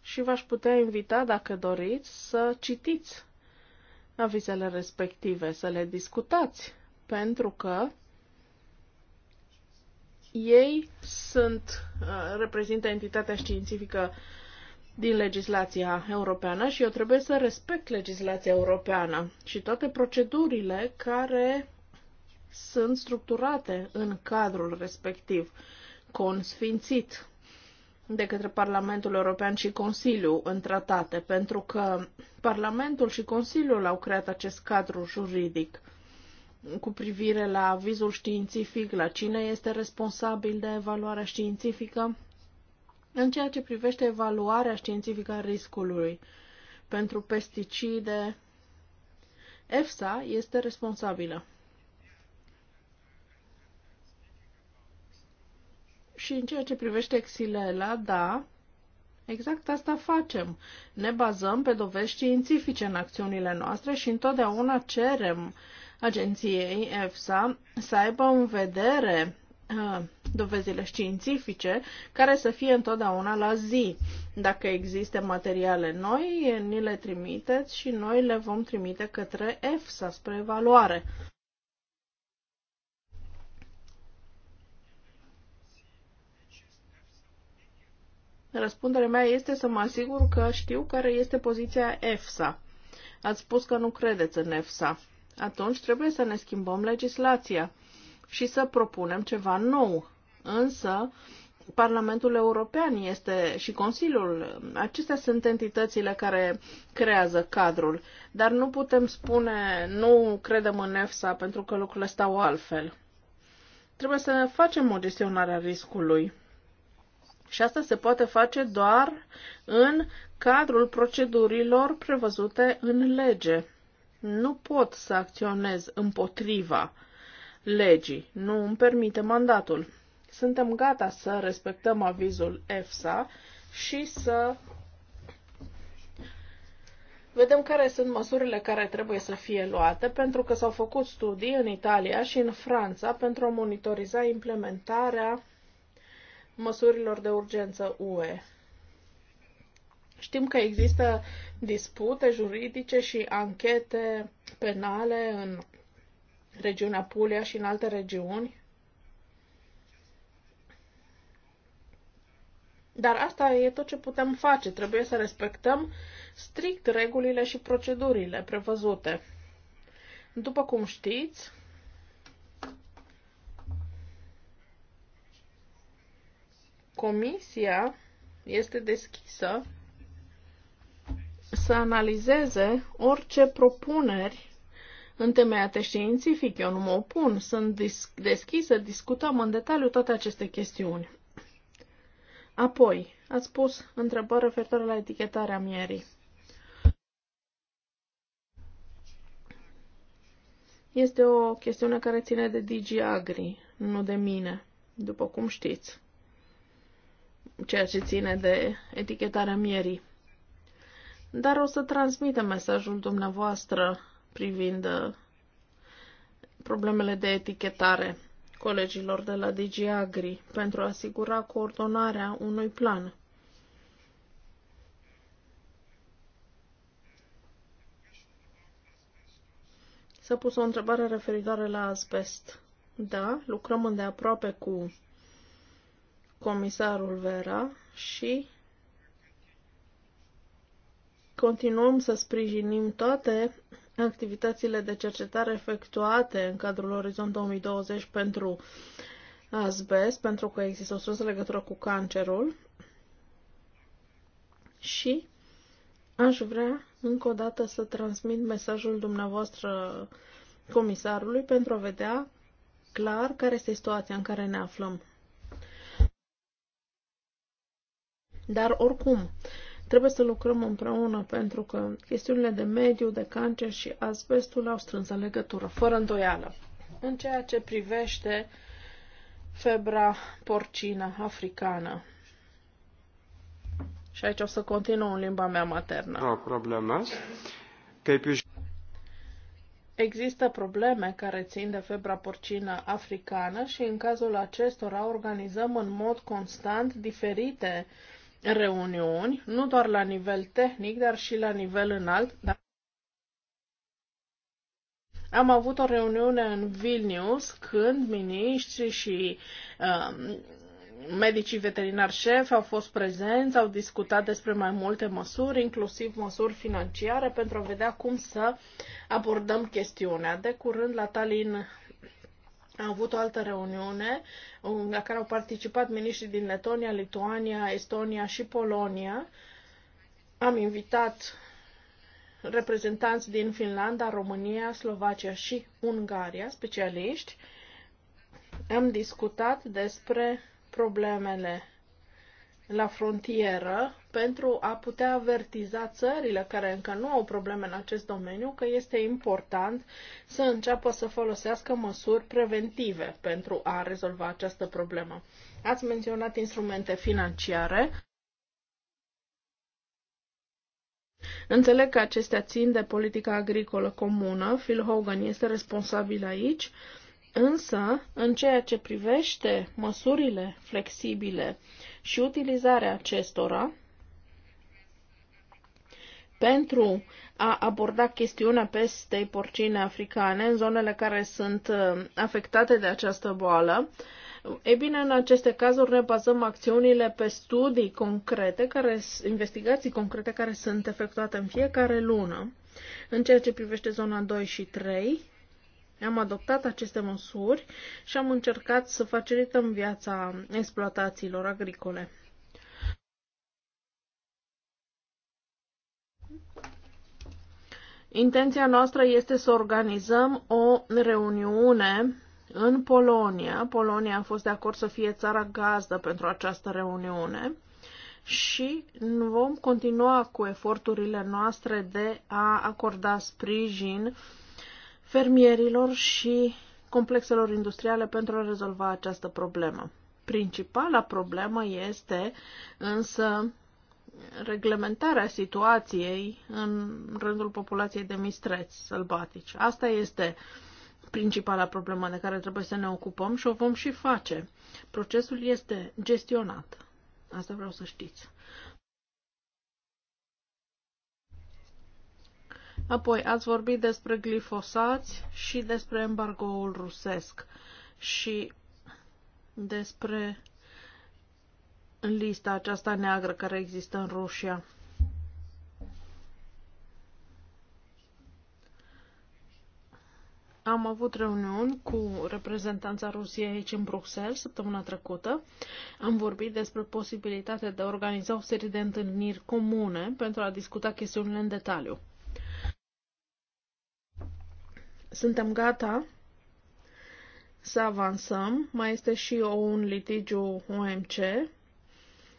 Și v-aș putea invita, dacă doriți, să citiți avizele respective, să le discutați, pentru că ei sunt, uh, reprezintă entitatea științifică uh, din legislația europeană și eu trebuie să respect legislația europeană și toate procedurile care sunt structurate în cadrul respectiv, consfințit de către Parlamentul European și Consiliu în tratate, pentru că Parlamentul și Consiliul au creat acest cadru juridic cu privire la vizul științific, la cine este responsabil de evaluarea științifică, în ceea ce privește evaluarea științifică a riscului pentru pesticide, EFSA este responsabilă. Și în ceea ce privește xilela, da, exact asta facem. Ne bazăm pe dovezi științifice în acțiunile noastre și întotdeauna cerem agenției EFSA să aibă în vedere dovezile științifice care să fie întotdeauna la zi. Dacă există materiale noi, ni le trimiteți și noi le vom trimite către EFSA spre evaluare. Răspunderea mea este să mă asigur că știu care este poziția EFSA. Ați spus că nu credeți în EFSA. Atunci trebuie să ne schimbăm legislația și să propunem ceva nou. Însă, Parlamentul European este și Consiliul, acestea sunt entitățile care creează cadrul, dar nu putem spune nu credem în EFSA pentru că lucrurile stau altfel. Trebuie să facem o gestionare a riscului. Și asta se poate face doar în cadrul procedurilor prevăzute în lege. Nu pot să acționez împotriva legii. Nu îmi permite mandatul. Suntem gata să respectăm avizul EFSA și să vedem care sunt măsurile care trebuie să fie luate, pentru că s-au făcut studii în Italia și în Franța pentru a monitoriza implementarea măsurilor de urgență UE. Știm că există dispute juridice și anchete penale în regiunea Puglia și în alte regiuni. Dar asta e tot ce putem face. Trebuie să respectăm strict regulile și procedurile prevăzute. După cum știți, comisia este deschisă să analizeze orice propuneri întemeiate științific. Eu nu mă opun, sunt să discutăm în detaliu toate aceste chestiuni. Apoi, ați pus întrebări referitoare la etichetarea mierii. Este o chestiune care ține de Digi Agri, nu de mine, după cum știți. Ceea ce ține de etichetarea mierii. Dar o să transmitem mesajul dumneavoastră privind uh, problemele de etichetare colegilor de la DigiAgri pentru a asigura coordonarea unui plan. S-a pus o întrebare referitoare la asbest. Da, lucrăm îndeaproape cu comisarul Vera și continuăm să sprijinim toate activitățile de cercetare efectuate în cadrul Orizont 2020 pentru asbest, pentru că există o strânsă legătură cu cancerul. Și aș vrea încă o dată să transmit mesajul dumneavoastră comisarului pentru a vedea clar care este situația în care ne aflăm. Dar oricum, Trebuie să lucrăm împreună pentru că chestiunile de mediu, de cancer și asbestul au strânsă legătură, fără îndoială. În ceea ce privește febra porcină africană. Și aici o să continuu în limba mea maternă. No ah, probleme. Există probleme care țin de febra porcină africană și în cazul acestora organizăm în mod constant diferite uh, reuniuni, nu doar la nivel tehnic, dar și la nivel înalt. Da. Am avut o reuniune în Vilnius când miniștrii și um, medicii veterinari șefi au fost prezenți, au discutat despre mai multe măsuri, inclusiv măsuri financiare, pentru a vedea cum să abordăm chestiunea. De curând la Tallinn a avut o altă reuniune la care au participat miniștrii din Letonia, Lituania, Estonia și Polonia. Am invitat reprezentanți din Finlanda, România, Slovacia și Ungaria, specialiști. Am discutat despre problemele la frontieră pentru a putea avertiza țările care încă nu au probleme în acest domeniu că este important să înceapă să folosească măsuri preventive pentru a rezolva această problemă. Ați menționat instrumente financiare. Înțeleg că acestea țin de politica agricolă comună. Phil Hogan este responsabil aici. Însă, în ceea ce privește măsurile flexibile și utilizarea acestora, pentru a aborda chestiunea pestei porcine africane în zonele care sunt uh, afectate de această boală. E bine, în aceste cazuri ne bazăm acțiunile pe studii concrete, care, investigații concrete care sunt efectuate în fiecare lună. În ceea ce privește zona 2 și 3, am adoptat aceste măsuri și am încercat să facilităm viața exploatațiilor agricole. Intenția noastră este să organizăm o reuniune în Polonia. Polonia a fost de acord să fie țara gazdă pentru această reuniune și vom continua cu eforturile noastre de a acorda sprijin uh, fermierilor și complexelor industriale pentru a rezolva această problemă. Principala problemă este însă reglementarea situației în rândul populației de mistreți sălbatici. Asta este principala problemă de care trebuie să ne ocupăm și o vom și face. Procesul este gestionat. Asta vreau să știți. Apoi, ați vorbit despre glifosați și despre embargoul rusesc și despre lista aceasta neagră care există în Rusia. Am avut reuniuni cu reprezentanța Rusiei aici în Bruxelles săptămâna trecută. Am vorbit despre posibilitatea de a organiza o serie de întâlniri comune pentru a discuta chestiunile în detaliu. Suntem gata să avansăm. Mai este și un litigiu OMC.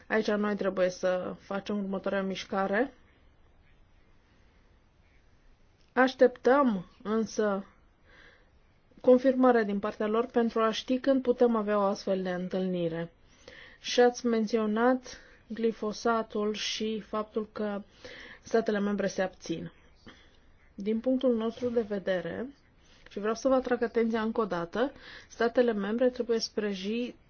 Aici noi trebuie să facem următoarea mișcare. Așteptăm însă confirmarea din partea lor pentru a ști când putem avea o astfel de întâlnire. Și ați menționat glifosatul și faptul că statele membre se abțin. Din punctul nostru de vedere, și vreau să vă atrag atenția încă o dată. Statele membre trebuie să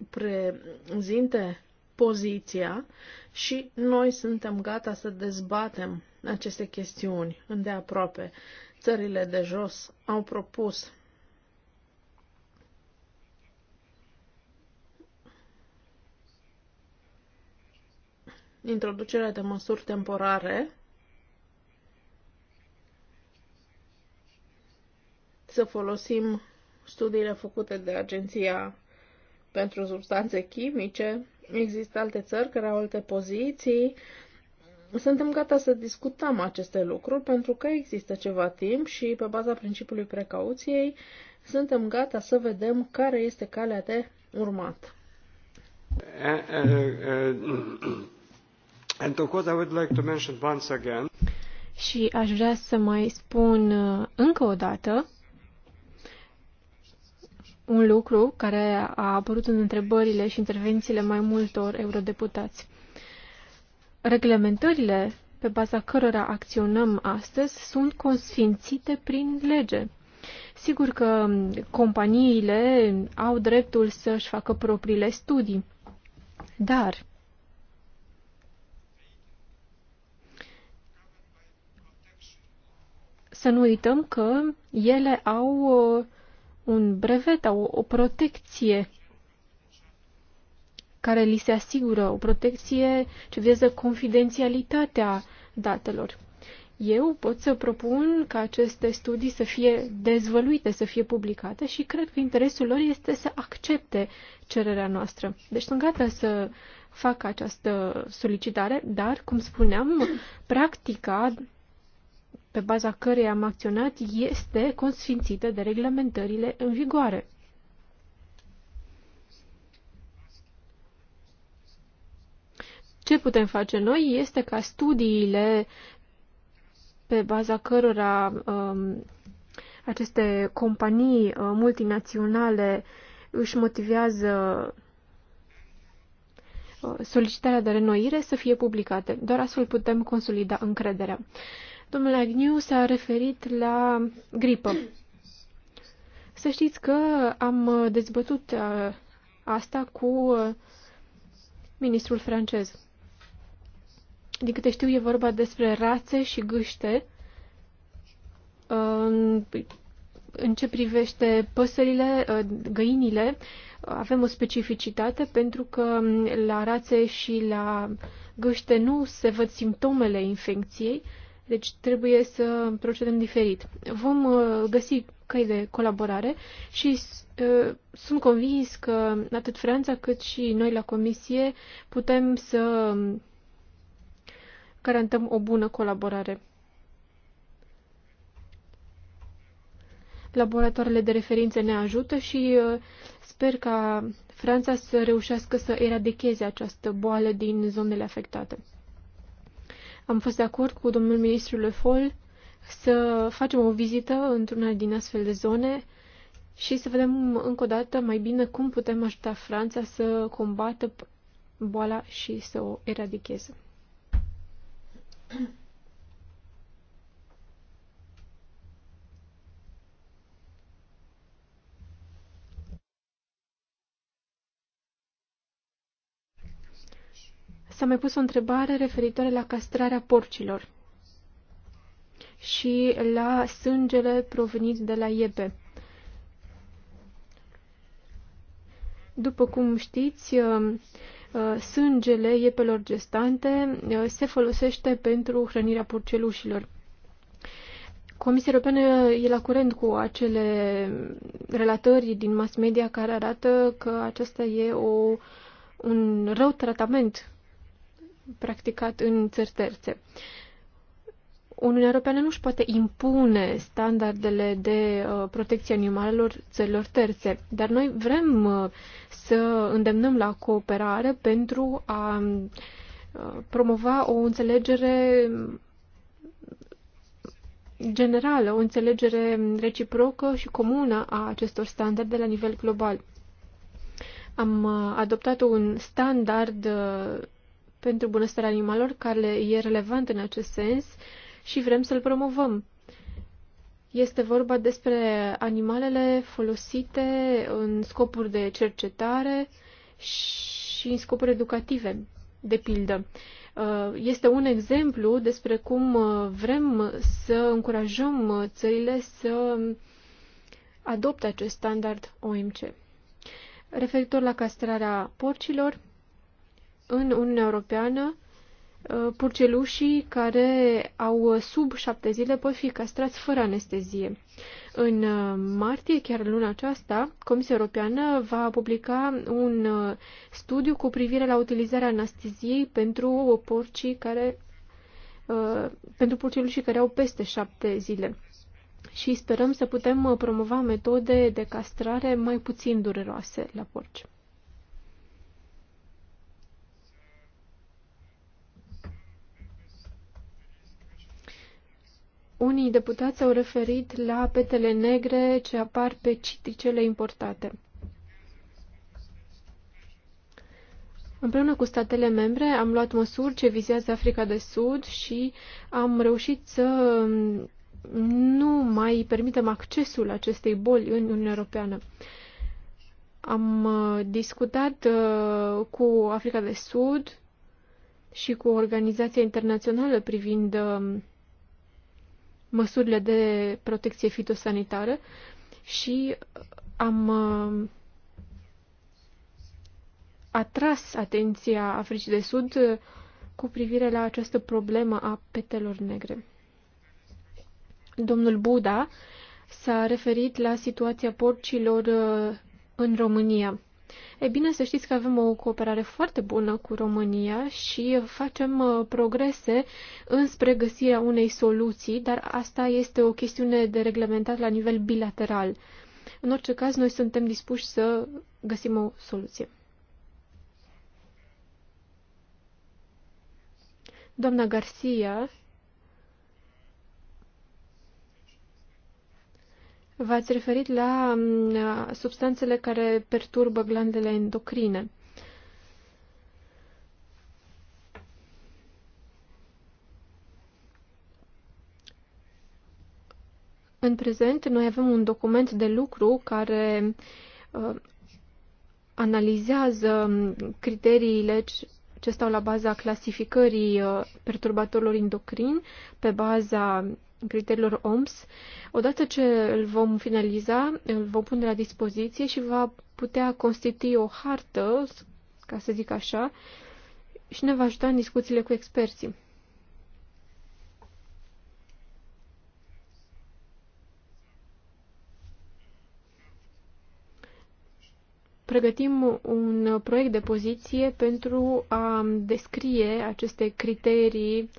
prezinte poziția și noi suntem gata să dezbatem aceste chestiuni îndeaproape. Țările de jos au propus introducerea de măsuri temporare să folosim studiile făcute de Agenția pentru Substanțe Chimice. Există alte țări care au alte poziții. Suntem gata să discutăm aceste lucruri pentru că există ceva timp și pe baza principiului precauției suntem gata să vedem care este calea de urmat. și aș vrea să mai spun uh, încă o dată un lucru care a apărut în întrebările și intervențiile mai multor eurodeputați. Reglementările pe baza cărora acționăm astăzi sunt consfințite prin lege. Sigur că companiile au dreptul să-și facă propriile studii, dar să nu uităm că ele au uh, un brevet, au o protecție care li se asigură, o protecție ce vizează confidențialitatea datelor. Eu pot să propun ca aceste studii să fie dezvăluite, să fie publicate și cred că interesul lor este să accepte cererea noastră. Deci sunt gata să fac această solicitare, dar, cum spuneam, practica pe baza căreia am acționat este consfințită de reglementările în vigoare. Ce putem face noi este ca studiile pe baza cărora um, aceste companii uh, multinaționale își motivează uh, solicitarea de renoire să fie publicate. Doar astfel putem consolida încrederea. Domnul Agniu s-a referit la gripă. Să știți că am dezbătut uh, asta cu uh, ministrul francez. Din câte știu, e vorba despre rațe și gâște. Uh, în ce privește păsările, găinile, avem o specificitate pentru că um, la rațe și la gâște nu se văd simptomele infecției, deci trebuie să procedăm diferit. Vom uh, găsi căi de colaborare și uh, sunt convins că atât Franța cât și noi la Comisie putem să um, garantăm o bună colaborare. Laboratoarele de referință ne ajută și uh, sper ca Franța să reușească să eradicheze această boală din zonele afectate. Am fost de acord cu domnul ministru Le Foll să facem o vizită într-una din astfel de zone și să vedem încă o dată mai bine cum putem ajuta Franța să combată boala și să o eradicheze. S-a mai pus o întrebare referitoare la castrarea porcilor și la sângele provenit de la iepe. După cum știți, uh, uh, sângele iepelor gestante uh, se folosește pentru hrănirea porcelușilor. Comisia Europeană e la curent cu acele relatări din mass media care arată că aceasta e o, un rău tratament practicat în țări terțe. Uniunea Europeană nu își poate impune standardele de uh, protecție animalelor țărilor terțe, dar noi vrem uh, să îndemnăm la cooperare pentru a uh, promova o înțelegere generală, o înțelegere reciprocă și comună a acestor standarde la nivel global. Am adoptat un standard pentru bunăstarea animalelor, care e relevant în acest sens și vrem să-l promovăm. Este vorba despre animalele folosite în scopuri de cercetare și în scopuri educative, de pildă. Uh, este un exemplu despre cum uh, vrem să încurajăm uh, țările să adopte acest standard OMC. Referitor la castrarea porcilor, în Uniunea Europeană uh, purcelușii care au uh, sub șapte zile pot fi castrați fără anestezie. În uh, martie, chiar luna aceasta, Comisia Europeană va publica un studiu cu privire la utilizarea anesteziei pentru porcii care pentru purcelușii care au peste șapte zile. Și sperăm să putem promova metode de castrare mai puțin dureroase la porci. Unii deputați au referit la petele negre ce apar pe citricele importate. Împreună cu statele membre am luat măsuri ce vizează Africa de Sud și am reușit să nu mai permitem accesul acestei boli în Uniunea Europeană. Am uh, discutat uh, cu Africa de Sud și cu Organizația Internațională privind um, măsurile de protecție fitosanitară și am uh, atras atenția Africii de Sud uh, cu privire la această problemă a petelor negre. Domnul Buda s-a referit la situația porcilor uh, în România. E bine să știți că avem o cooperare foarte bună cu România și facem uh, progrese înspre găsirea unei soluții, dar asta este o chestiune de reglementat la nivel bilateral. În orice caz, noi suntem dispuși să găsim o soluție. Doamna Garcia V-ați referit la mm, substanțele care perturbă glandele endocrine. În prezent, noi avem un document de lucru care uh, analizează mm, criteriile ce stau la baza clasificării uh, perturbatorilor endocrini pe baza criteriilor OMS. Odată ce îl vom finaliza, îl vom pune la dispoziție și va putea constitui o hartă, ca să zic așa, și ne va ajuta în discuțiile cu experții. pregătim un proiect de poziție pentru a descrie aceste criterii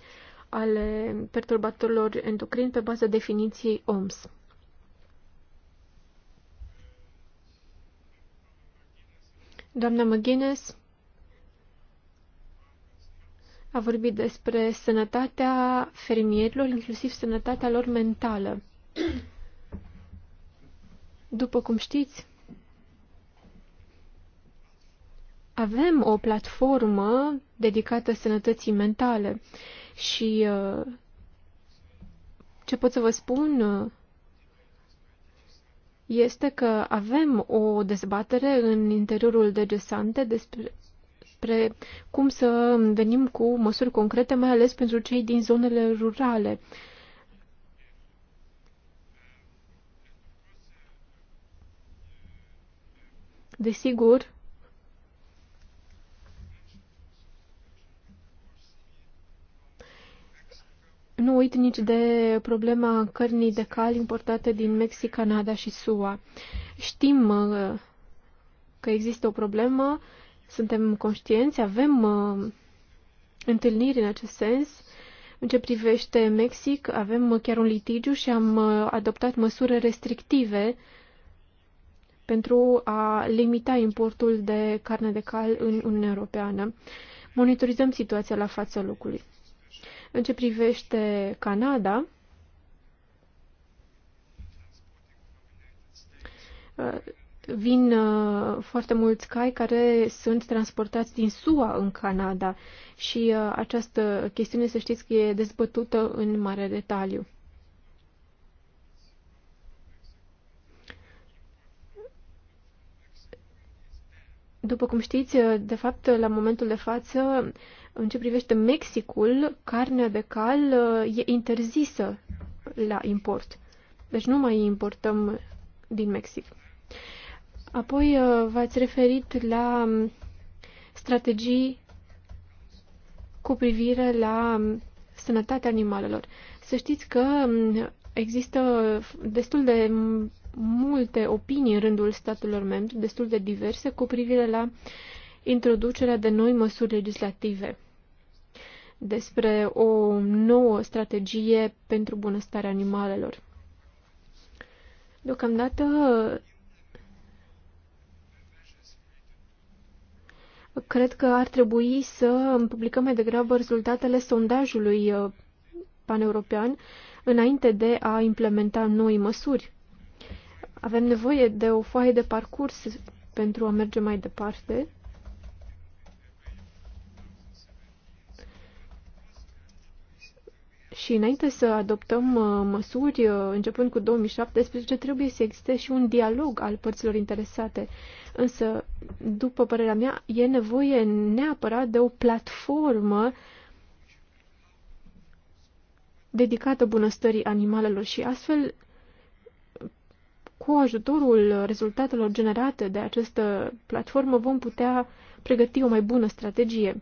ale perturbatorilor endocrini pe baza definiției OMS. Doamna McGuinness a vorbit despre sănătatea fermierilor, inclusiv sănătatea lor mentală. După cum știți, avem o platformă dedicată sănătății mentale și uh, ce pot să vă spun uh, este că avem o dezbatere în interiorul de gesante despre despre cum să venim cu măsuri concrete, mai ales pentru cei din zonele rurale. Desigur, nu uit nici de problema cărnii de cal importate din Mexic, Canada și SUA. Știm uh, că există o problemă, suntem conștienți, avem uh, întâlniri în acest sens. În ce privește Mexic, avem chiar un litigiu și am uh, adoptat măsuri restrictive pentru a limita importul de carne de cal în Uniunea Europeană. Monitorizăm situația la fața locului. În ce privește Canada, uh, vin uh, foarte mulți cai care sunt transportați din SUA în Canada și uh, această chestiune, să știți, că e dezbătută în mare detaliu. După cum știți, de fapt, la momentul de față, în ce privește Mexicul, carnea de cal uh, e interzisă la import. Deci nu mai importăm din Mexic. Apoi uh, v-ați referit la um, strategii cu privire la um, sănătatea animalelor. Să știți că um, există destul de multe opinii în rândul statelor membre, destul de diverse, cu privire la introducerea de noi măsuri legislative despre o nouă strategie pentru bunăstarea animalelor. Deocamdată cred că ar trebui să publicăm mai degrabă rezultatele sondajului uh, paneuropean înainte de a implementa noi măsuri. Avem nevoie de o foaie de parcurs pentru a merge mai departe. Și înainte să adoptăm uh, măsuri, uh, începând cu 2017, trebuie să existe și un dialog al părților interesate. Însă, după părerea mea, e nevoie neapărat de o platformă dedicată bunăstării animalelor și astfel cu ajutorul rezultatelor generate de această platformă vom putea pregăti o mai bună strategie.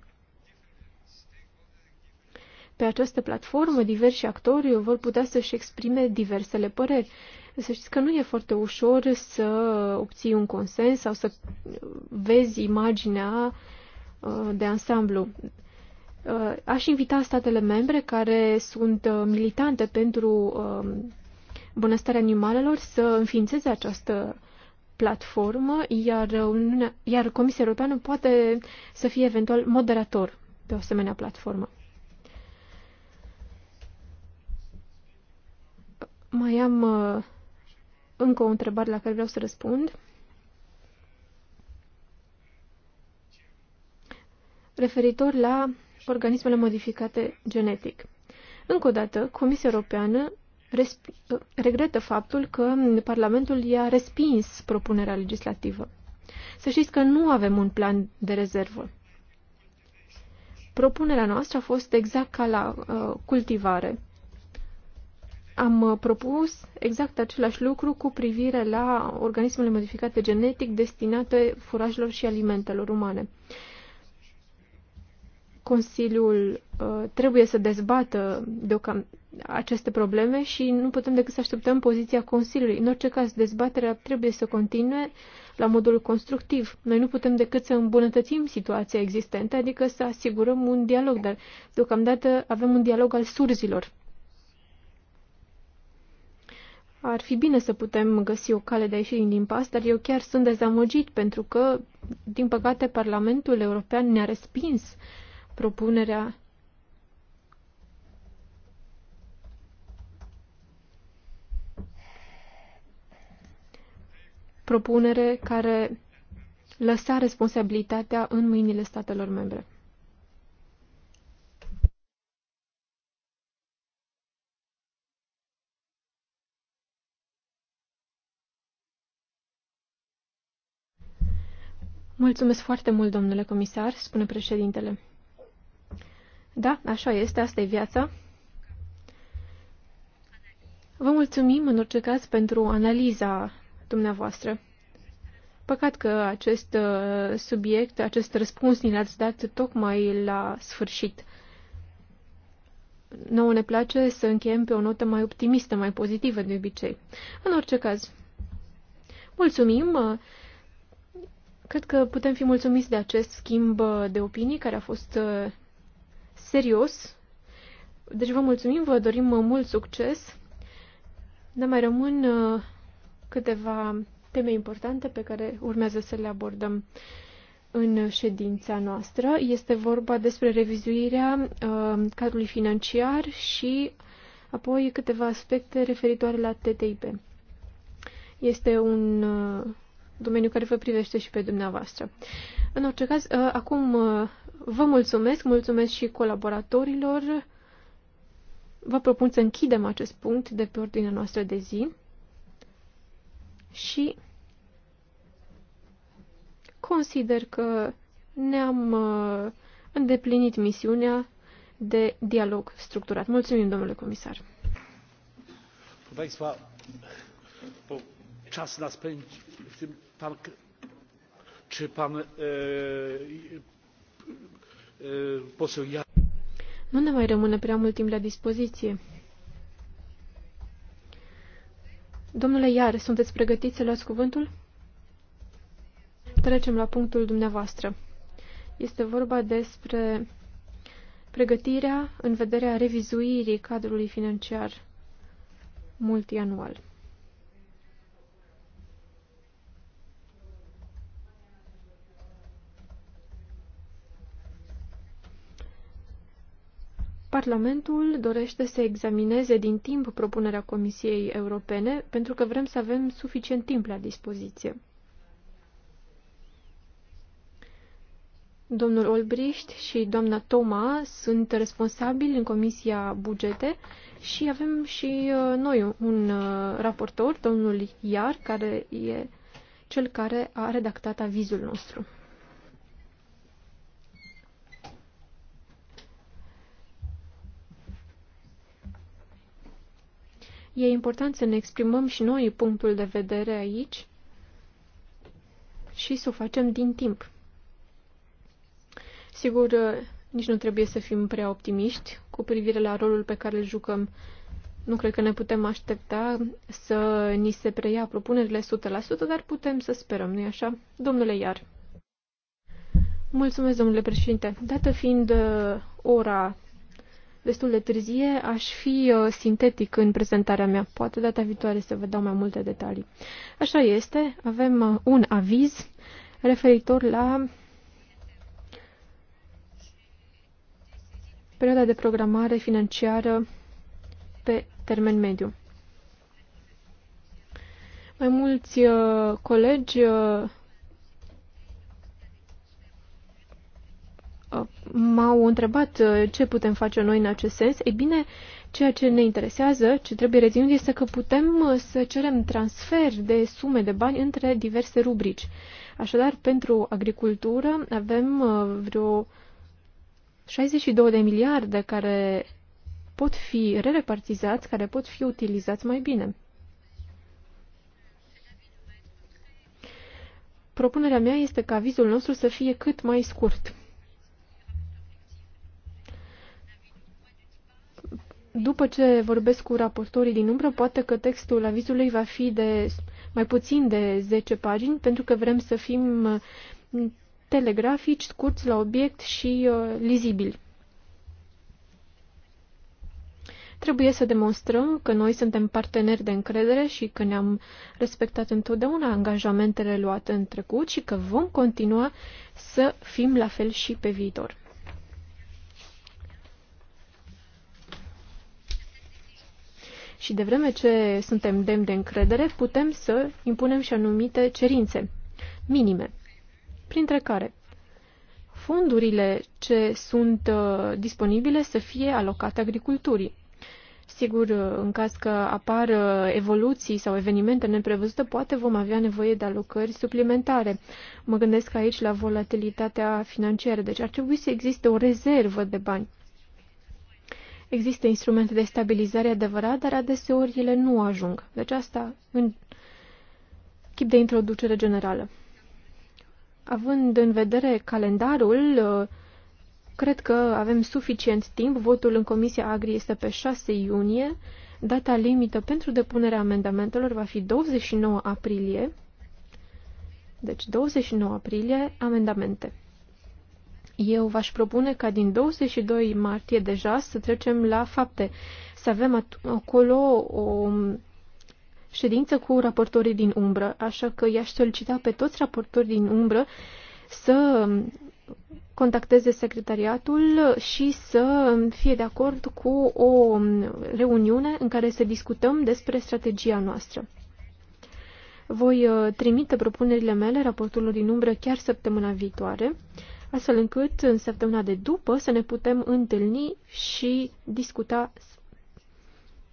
Pe această platformă, diversi actori vor putea să-și exprime diversele păreri. Să știți că nu e foarte ușor să obții un consens sau să vezi imaginea uh, de ansamblu. Uh, aș invita statele membre care sunt uh, militante pentru bunăstarea animalelor să înființeze această platformă, iar, iar Comisia Europeană poate să fie eventual moderator pe o asemenea platformă. Mai am uh, încă o întrebare la care vreau să răspund. Referitor la organismele modificate genetic. Încă o dată, Comisia Europeană regretă faptul că Parlamentul i-a respins propunerea legislativă. Să știți că nu avem un plan de rezervă. Propunerea noastră a fost exact ca la uh, cultivare. Am uh, propus exact același lucru cu privire la organismele modificate genetic destinate furajelor și alimentelor umane. Consiliul uh, trebuie să dezbată deocam, aceste probleme și nu putem decât să așteptăm poziția Consiliului. În orice caz, dezbaterea trebuie să continue la modul constructiv. Noi nu putem decât să îmbunătățim situația existentă, adică să asigurăm un dialog, dar deocamdată avem un dialog al surzilor. Ar fi bine să putem găsi o cale de a ieși din impas, dar eu chiar sunt dezamăgit pentru că, din păcate, Parlamentul European ne-a respins propunerea propunere care lăsa responsabilitatea în mâinile statelor membre. Mulțumesc foarte mult, domnule comisar, spune președintele. Da, așa este, asta e viața. Vă mulțumim, în orice caz, pentru analiza dumneavoastră. Păcat că acest uh, subiect, acest răspuns ni l-ați dat tocmai la sfârșit. Nouă ne place să încheiem pe o notă mai optimistă, mai pozitivă de obicei. În orice caz, mulțumim! Cred că putem fi mulțumiți de acest schimb de opinii care a fost uh, serios. Deci vă mulțumim, vă dorim mult succes. Ne mai rămân uh, câteva teme importante pe care urmează să le abordăm în ședința noastră. Este vorba despre revizuirea uh, cadrului financiar și apoi câteva aspecte referitoare la TTIP. Este un uh, domeniu care vă privește și pe dumneavoastră. În orice caz, uh, acum uh, vă mulțumesc, mulțumesc și colaboratorilor. Vă propun să închidem acest punct de pe ordinea noastră de zi și consider că ne-am uh, îndeplinit misiunea de dialog structurat. Mulțumim, domnule comisar. Państwa, bo czas nas pędzi. Pan, czy pan e, e, poseł ja... Nu ne mai rămâne prea mult timp la dispoziție. Domnule Iar, sunteți pregătiți să luați cuvântul? Trecem la punctul dumneavoastră. Este vorba despre pregătirea în vederea revizuirii cadrului financiar multianual. Parlamentul dorește să examineze din timp propunerea Comisiei Europene pentru că vrem să avem suficient timp la dispoziție. Domnul Olbricht și doamna Toma sunt responsabili în Comisia Bugete și avem și uh, noi un uh, raportor, domnul Iar, care e cel care a redactat avizul nostru. E important să ne exprimăm și noi punctul de vedere aici și să o facem din timp. Sigur, uh, nici nu trebuie să fim prea optimiști cu privire la rolul pe care îl jucăm. Nu cred că ne putem aștepta să ni se preia propunerile 100%, dar putem să sperăm, nu-i așa? Domnule Iar. Mulțumesc, domnule președinte. Dată fiind uh, ora destul de târzie, aș fi uh, sintetic în prezentarea mea. Poate data viitoare să vă dau mai multe detalii. Așa este, avem uh, un aviz referitor la perioada de programare financiară pe termen mediu. Mai mulți uh, colegi m-au întrebat uh, ce putem face noi în acest sens. Ei bine, ceea ce ne interesează, ce trebuie reținut, este că putem uh, să cerem transfer de sume de bani între diverse rubrici. Așadar, pentru agricultură avem uh, vreo 62 de miliarde care pot fi rerepartizați, care pot fi utilizați mai bine. Propunerea mea este ca vizul nostru să fie cât mai scurt. după ce vorbesc cu raportorii din umbră, poate că textul avizului va fi de mai puțin de 10 pagini, pentru că vrem să fim uh, telegrafici, scurți la obiect și uh, lizibili. Trebuie să demonstrăm că noi suntem parteneri de încredere și că ne-am respectat întotdeauna angajamentele luate în trecut și că vom continua să fim la fel și pe viitor. Și de vreme ce suntem demni de încredere, putem să impunem și anumite cerințe minime, printre care fondurile ce sunt uh, disponibile să fie alocate agriculturii. Sigur, uh, în caz că apar uh, evoluții sau evenimente neprevăzute, poate vom avea nevoie de alocări suplimentare. Mă gândesc aici la volatilitatea financiară, deci ar trebui să existe o rezervă de bani. Există instrumente de stabilizare adevărat, dar adeseori ele nu ajung. Deci asta în chip de introducere generală. Având în vedere calendarul, cred că avem suficient timp. Votul în Comisia Agri este pe 6 iunie. Data limită pentru depunerea amendamentelor va fi 29 aprilie. Deci 29 aprilie, amendamente. Eu v-aș propune ca din 22 martie deja să trecem la fapte, să avem acolo o ședință cu raportorii din umbră, așa că i-aș solicita pe toți raportorii din umbră să contacteze secretariatul și să fie de acord cu o reuniune în care să discutăm despre strategia noastră. Voi uh, trimite propunerile mele raportului din umbră chiar săptămâna viitoare astfel încât în săptămâna de după să ne putem întâlni și discuta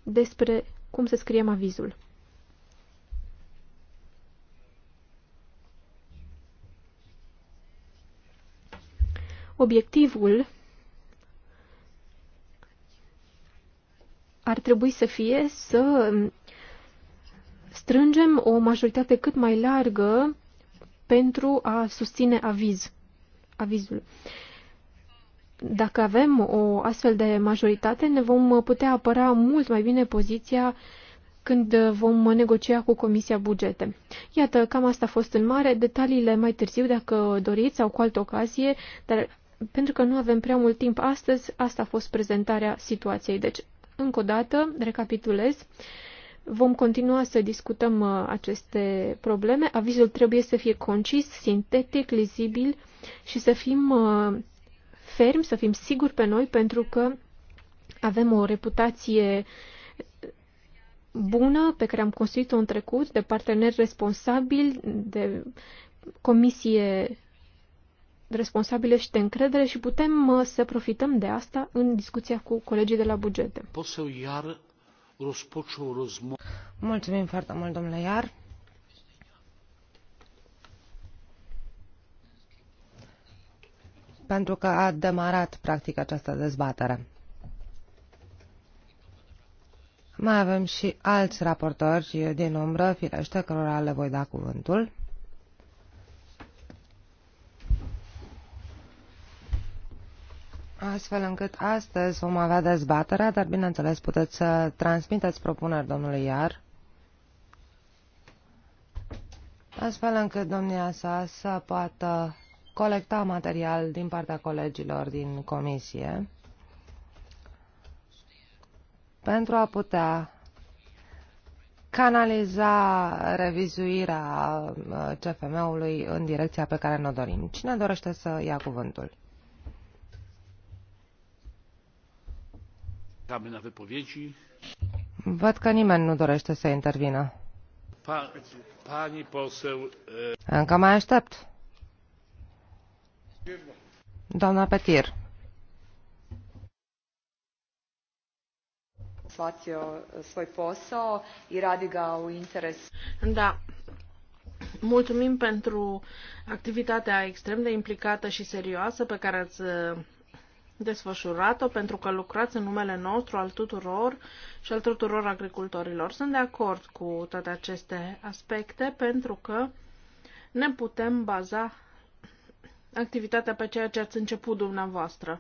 despre cum să scriem avizul. Obiectivul ar trebui să fie să strângem o majoritate cât mai largă pentru a susține aviz avizul. Dacă avem o astfel de majoritate, ne vom putea apăra mult mai bine poziția când vom negocia cu Comisia Bugete. Iată, cam asta a fost în mare, detaliile mai târziu dacă doriți sau cu altă ocazie, dar pentru că nu avem prea mult timp astăzi, asta a fost prezentarea situației. Deci, încă o dată, recapitulez. Vom continua să discutăm uh, aceste probleme. Avizul trebuie să fie concis, sintetic, lizibil și să fim uh, fermi, să fim siguri pe noi, pentru că avem o reputație bună pe care am construit-o în trecut, de parteneri responsabili, de comisie responsabile și de încredere și putem uh, să profităm de asta în discuția cu colegii de la bugete. Iar rozpoczął rozmowę. Mulțumim foarte mult, domnule Iar. Pentru că a demarat, practic, această dezbatere. Mai avem și alți raportori din umbră, firește, cărora le voi da cuvântul. astfel încât astăzi vom avea dezbaterea, dar bineînțeles puteți să transmiteți propuneri domnului Iar, astfel încât domnia sa să poată colecta material din partea colegilor din comisie pentru a putea canaliza revizuirea uh, CFM-ului în direcția pe care ne-o dorim. Cine dorește să ia cuvântul? Văd că nimeni nu dorește să intervină. Încă mai aștept. Doamna Petir. Da. Mulțumim pentru activitatea extrem de implicată și serioasă pe care ați desfășurată pentru că lucrați în numele nostru, al tuturor și al tuturor agricultorilor. Sunt de acord cu toate aceste aspecte pentru că ne putem baza activitatea pe ceea ce ați început dumneavoastră.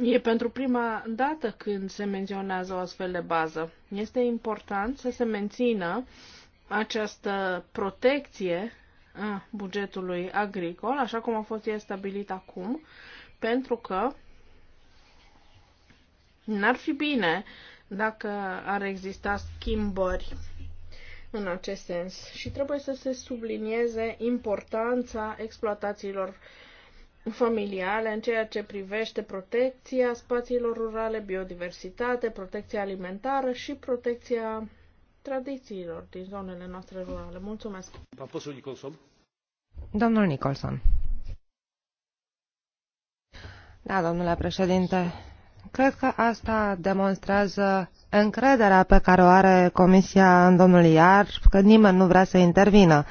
E pentru prima dată când se menționează o astfel de bază. Este important să se mențină această protecție a bugetului agricol, așa cum a fost ea stabilit acum, pentru că n-ar fi bine dacă ar exista schimbări în acest sens și trebuie să se sublinieze importanța exploatațiilor familiale în ceea ce privește protecția spațiilor rurale, biodiversitate, protecția alimentară și protecția tradițiilor din zonele noastre rurale. Mulțumesc! Domnul Nicholson. Da, domnule președinte, cred că asta demonstrează încrederea pe care o are Comisia în domnul Iar, că nimeni nu vrea să intervină.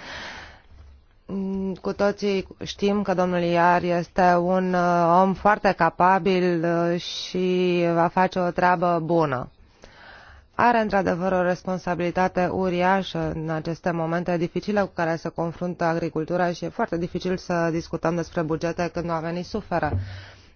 Cu toții știm că domnul Iar este un uh, om foarte capabil uh, și va face o treabă bună. Are într-adevăr o responsabilitate uriașă în aceste momente dificile cu care se confruntă agricultura și e foarte dificil să discutăm despre bugete când oamenii suferă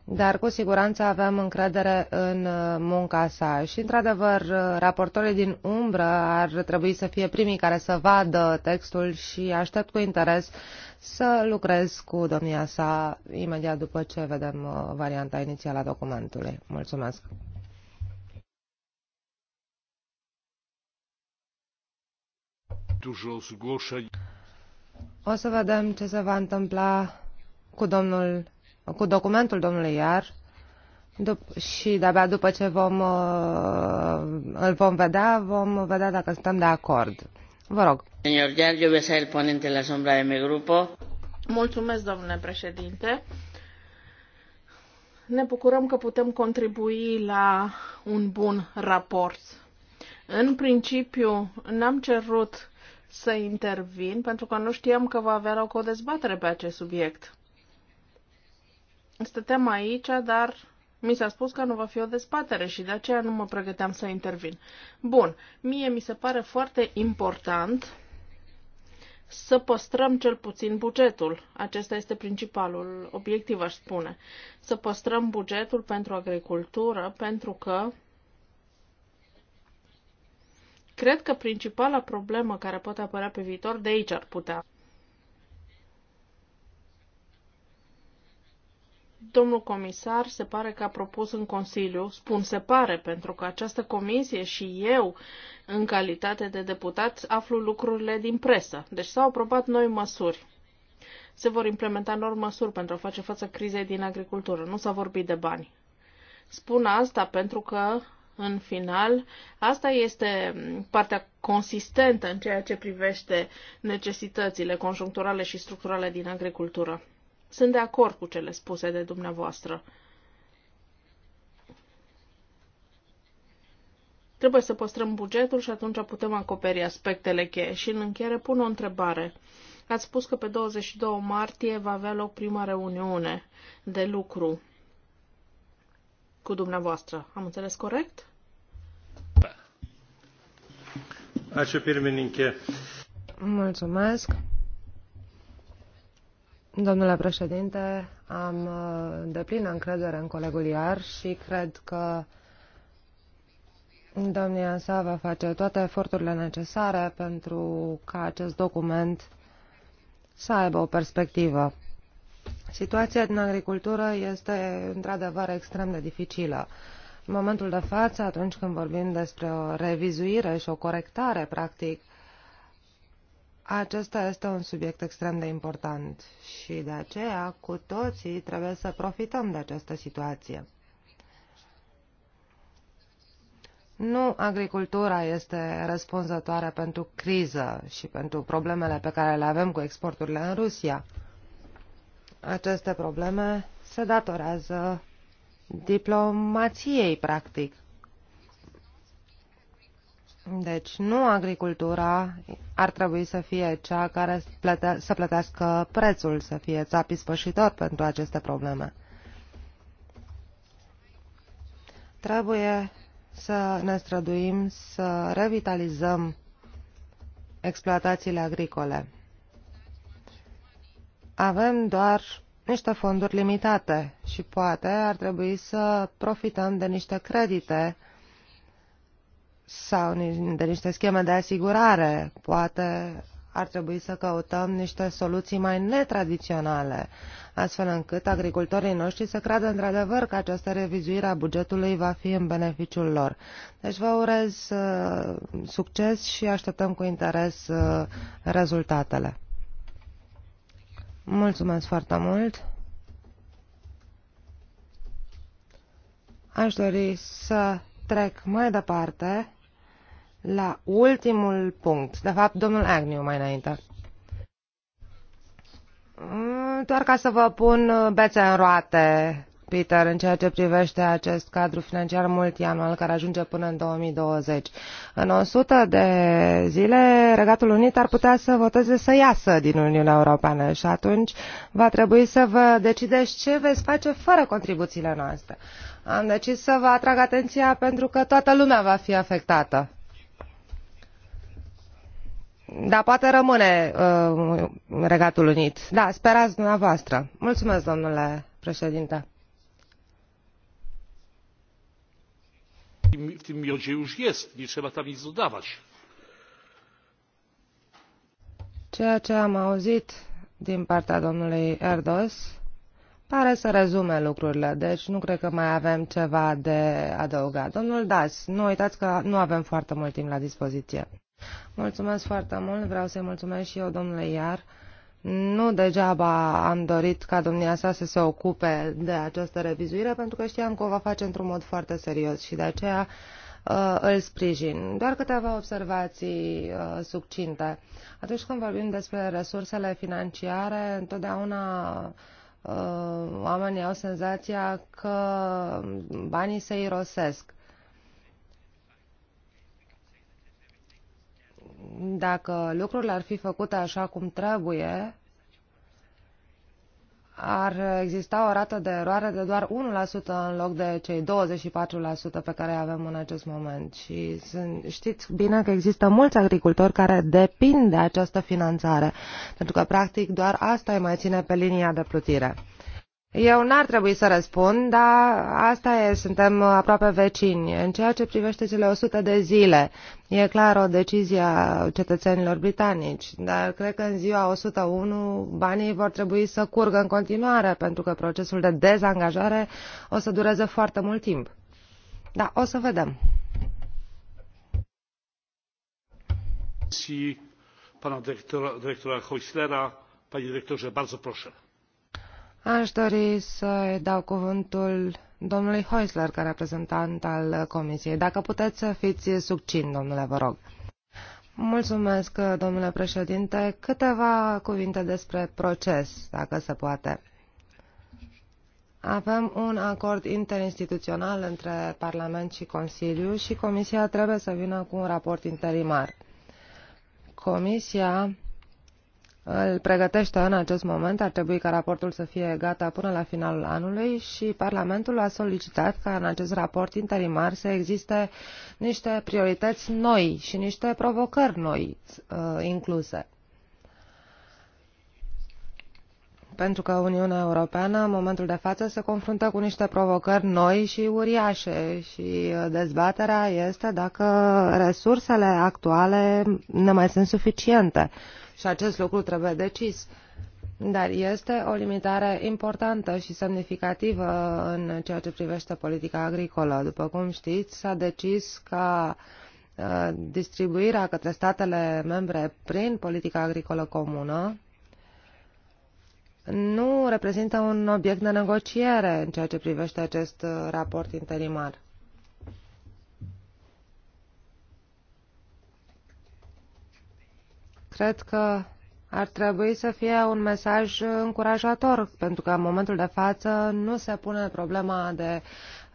dar cu siguranță avem încredere în uh, munca sa. Și, într-adevăr, uh, raportorii din umbră ar trebui să fie primii care să vadă textul și aștept cu interes să lucrez cu domnia sa imediat după ce vedem uh, varianta inițială a documentului. Mulțumesc! O să vedem ce se va întâmpla cu domnul cu documentul domnului Iar dup- și de-abia după ce vom, uh, îl vom vedea, vom vedea dacă suntem de acord. Vă rog. Señor Iar, eu voy el ponente la sombra de mi grupo. Mulțumesc, domnule președinte. Ne bucurăm că putem contribui la un bun raport. În principiu, n-am cerut să intervin pentru că nu știam că va avea loc o dezbatere pe acest subiect. Stăteam aici, dar mi s-a spus că nu va fi o dezbatere și de aceea nu mă pregăteam să intervin. Bun, mie mi se pare foarte important să păstrăm cel puțin bugetul. Acesta este principalul obiectiv, aș spune. Să păstrăm bugetul pentru agricultură, pentru că cred că principala problemă care poate apărea pe viitor de aici ar putea Domnul comisar se pare că a propus în Consiliu, spun se pare, pentru că această comisie și eu, în calitate de deputat, aflu lucrurile din presă. Deci s-au aprobat noi măsuri. Se vor implementa noi măsuri pentru a face față crizei din agricultură. Nu s-a vorbit de bani. Spun asta pentru că, în final, asta este partea consistentă în ceea ce privește necesitățile conjuncturale și structurale din agricultură. Sunt de acord cu cele spuse de dumneavoastră. Trebuie să păstrăm bugetul și atunci putem acoperi aspectele cheie. Și în încheiere pun o întrebare. Ați spus că pe 22 martie va avea loc prima reuniune de lucru cu dumneavoastră. Am înțeles corect? Ačiū pirmininkė. Mulțumesc. Domnule președinte, am uh, deplină încredere în colegul Iar și cred că domnia sa va face toate eforturile necesare pentru ca acest document să aibă o perspectivă. Situația din agricultură este într-adevăr extrem de dificilă. În momentul de față, atunci când vorbim despre o revizuire și o corectare, practic, acesta este un subiect extrem de important și de aceea cu toții trebuie să profităm de această situație. Nu agricultura este răspunzătoare pentru criză și pentru problemele pe care le avem cu exporturile în Rusia. Aceste probleme se datorează diplomației, practic. Deci nu agricultura ar trebui să fie cea care plăte- să plătească prețul, să fie țapii spășitor pentru aceste probleme. Trebuie să ne străduim să revitalizăm exploatațiile agricole. Avem doar niște fonduri limitate și poate ar trebui să profităm de niște credite sau de niște scheme de asigurare. Poate ar trebui să căutăm niște soluții mai netradiționale, astfel încât agricultorii noștri să creadă într-adevăr că această revizuire a bugetului va fi în beneficiul lor. Deci vă urez uh, succes și așteptăm cu interes uh, rezultatele. Mulțumesc foarte mult! Aș dori să trec mai departe la ultimul punct. De fapt, domnul Agnew mai înainte. Mm, doar ca să vă pun uh, bețe în roate, Peter, în ceea ce privește acest cadru financiar multianual care ajunge până în 2020. În 100 de zile, Regatul Unit ar putea să voteze să iasă din Uniunea Europeană și atunci va trebui să vă decideți ce veți face fără contribuțiile noastre. Am decis să vă atrag atenția pentru că toată lumea va fi afectată da, poate rămâne uh, Regatul Unit. Da, sperați dumneavoastră. Mulțumesc, domnule președinte. W tym miodzie już jest, nie trzeba tam nic dodawać. Ceea ce am auzit din partea domnului Erdos pare să rezume lucrurile, deci nu cred că mai avem ceva de adăugat. Domnul Das, nu uitați că nu avem foarte mult timp la dispoziție. Mulțumesc foarte mult, vreau să-i mulțumesc și eu, domnule Iar. Nu degeaba am dorit ca domnia sa să se ocupe de această revizuire, pentru că știam că o va face într-un mod foarte serios și de aceea uh, îl sprijin. Doar câteva observații uh, succinte. Atunci când vorbim despre resursele financiare, întotdeauna uh, oamenii au senzația că banii se irosesc. dacă lucrurile ar fi făcute așa cum trebuie, ar exista o rată de eroare de doar 1% în loc de cei 24% pe care îi avem în acest moment. Și sunt, știți bine că există mulți agricultori care depind de această finanțare, pentru că practic doar asta îi mai ține pe linia de plutire. Eu n-ar trebui să răspund, dar asta e, suntem aproape vecini. În ceea ce privește cele 100 de zile, e clar o decizie a cetățenilor britanici, dar cred că în ziua 101 banii vor trebui să curgă în continuare, pentru că procesul de dezangajare o să dureze foarte mult timp. Da, o să vedem. Pana directora, dyrektora Hoislera, panie dyrektorze, bardzo proszę. Aș dori să dau cuvântul domnului Heusler, ca reprezentant al Comisiei. Dacă puteți să fiți succint, domnule, vă rog. Mulțumesc, domnule președinte. Câteva cuvinte despre proces, dacă se poate. Avem un acord interinstituțional între Parlament și Consiliu și Comisia trebuie să vină cu un raport interimar. Comisia îl pregătește în acest moment. Ar trebui ca raportul să fie gata până la finalul anului și Parlamentul a solicitat ca în acest raport interimar să existe niște priorități noi și niște provocări noi uh, incluse. pentru că Uniunea Europeană în momentul de față se confruntă cu niște provocări noi și uriașe și uh, dezbaterea este dacă resursele actuale ne mai sunt suficiente și acest lucru trebuie decis. Dar este o limitare importantă și semnificativă în ceea ce privește politica agricolă. După cum știți, s-a decis ca uh, distribuirea către statele membre prin politica agricolă comună nu reprezintă un obiect de negociere în ceea ce privește acest uh, raport interimar. Cred că ar trebui să fie un mesaj încurajator, pentru că în momentul de față nu se pune problema de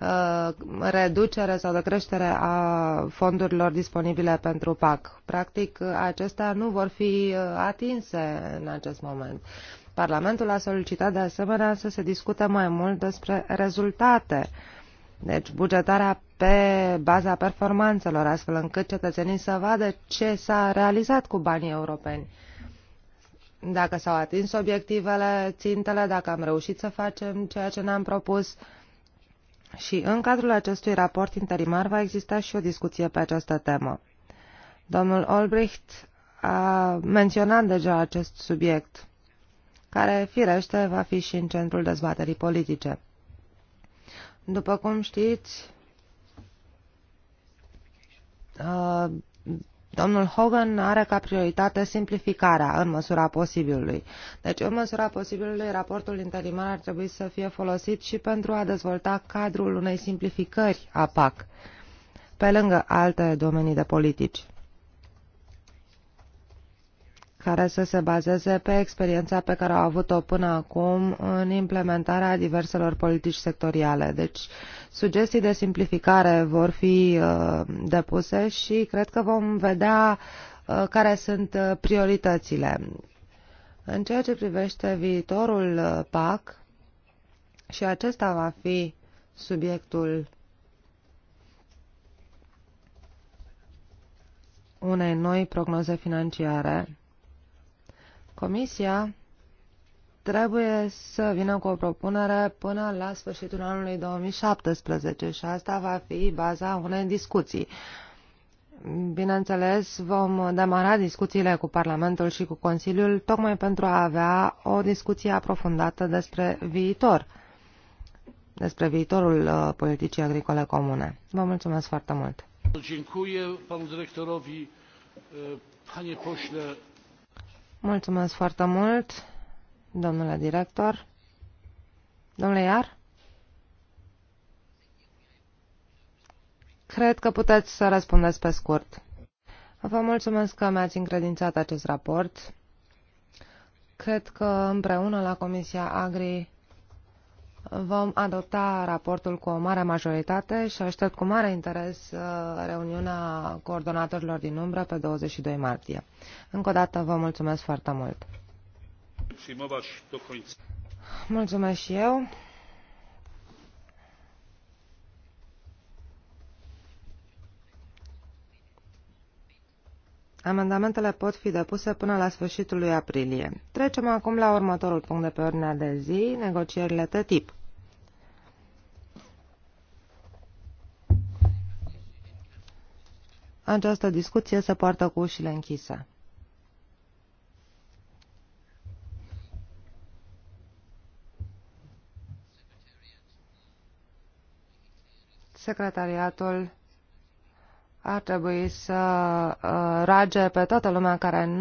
uh, reducere sau de creștere a fondurilor disponibile pentru PAC. Practic, acestea nu vor fi uh, atinse în acest moment. Parlamentul a solicitat de asemenea să se discute mai mult despre rezultate. Deci, bugetarea pe baza performanțelor, astfel încât cetățenii să vadă ce s-a realizat cu banii europeni. Dacă s-au atins obiectivele, țintele, dacă am reușit să facem ceea ce ne-am propus. Și în cadrul acestui raport interimar va exista și o discuție pe această temă. Domnul Olbricht a menționat deja acest subiect, care, firește, va fi și în centrul dezbaterii politice. După cum știți, Uh, domnul Hogan are ca prioritate simplificarea în măsura posibilului. Deci, în măsura posibilului, raportul interimar ar trebui să fie folosit și pentru a dezvolta cadrul unei simplificări a PAC, pe lângă alte domenii de politici care să se bazeze pe experiența pe care au avut-o până acum în implementarea diverselor politici sectoriale. Deci, sugestii de simplificare vor fi uh, depuse și cred că vom vedea uh, care sunt uh, prioritățile. În ceea ce privește viitorul PAC, și acesta va fi subiectul unei noi prognoze financiare, Comisia trebuie să vină cu o propunere până la sfârșitul anului 2017 și asta va fi baza unei discuții. Bineînțeles, vom demara discuțiile cu Parlamentul și cu Consiliul tocmai pentru a avea o discuție aprofundată despre viitor, despre viitorul uh, politicii agricole comune. Vă mulțumesc foarte mult! Dziękuję panu dyrektorowi. Panie pośle, Mulțumesc foarte mult, domnule director. Domnule Iar? Cred că puteți să răspundeți pe scurt. Vă mulțumesc că mi-ați încredințat acest raport. Cred că împreună la Comisia Agri Vom adopta raportul cu o mare majoritate și aștept cu mare interes uh, reuniunea coordonatorilor din umbră pe 22 martie. Încă o dată vă mulțumesc foarte mult. Mulțumesc și eu. Amendamentele pot fi depuse până la sfârșitul lui aprilie. Trecem acum la următorul punct de pe ordinea de zi, negocierile TTIP. Această discuție se poartă cu ușile închise. Secretariatul ar trebui să uh, rage pe toată lumea care nu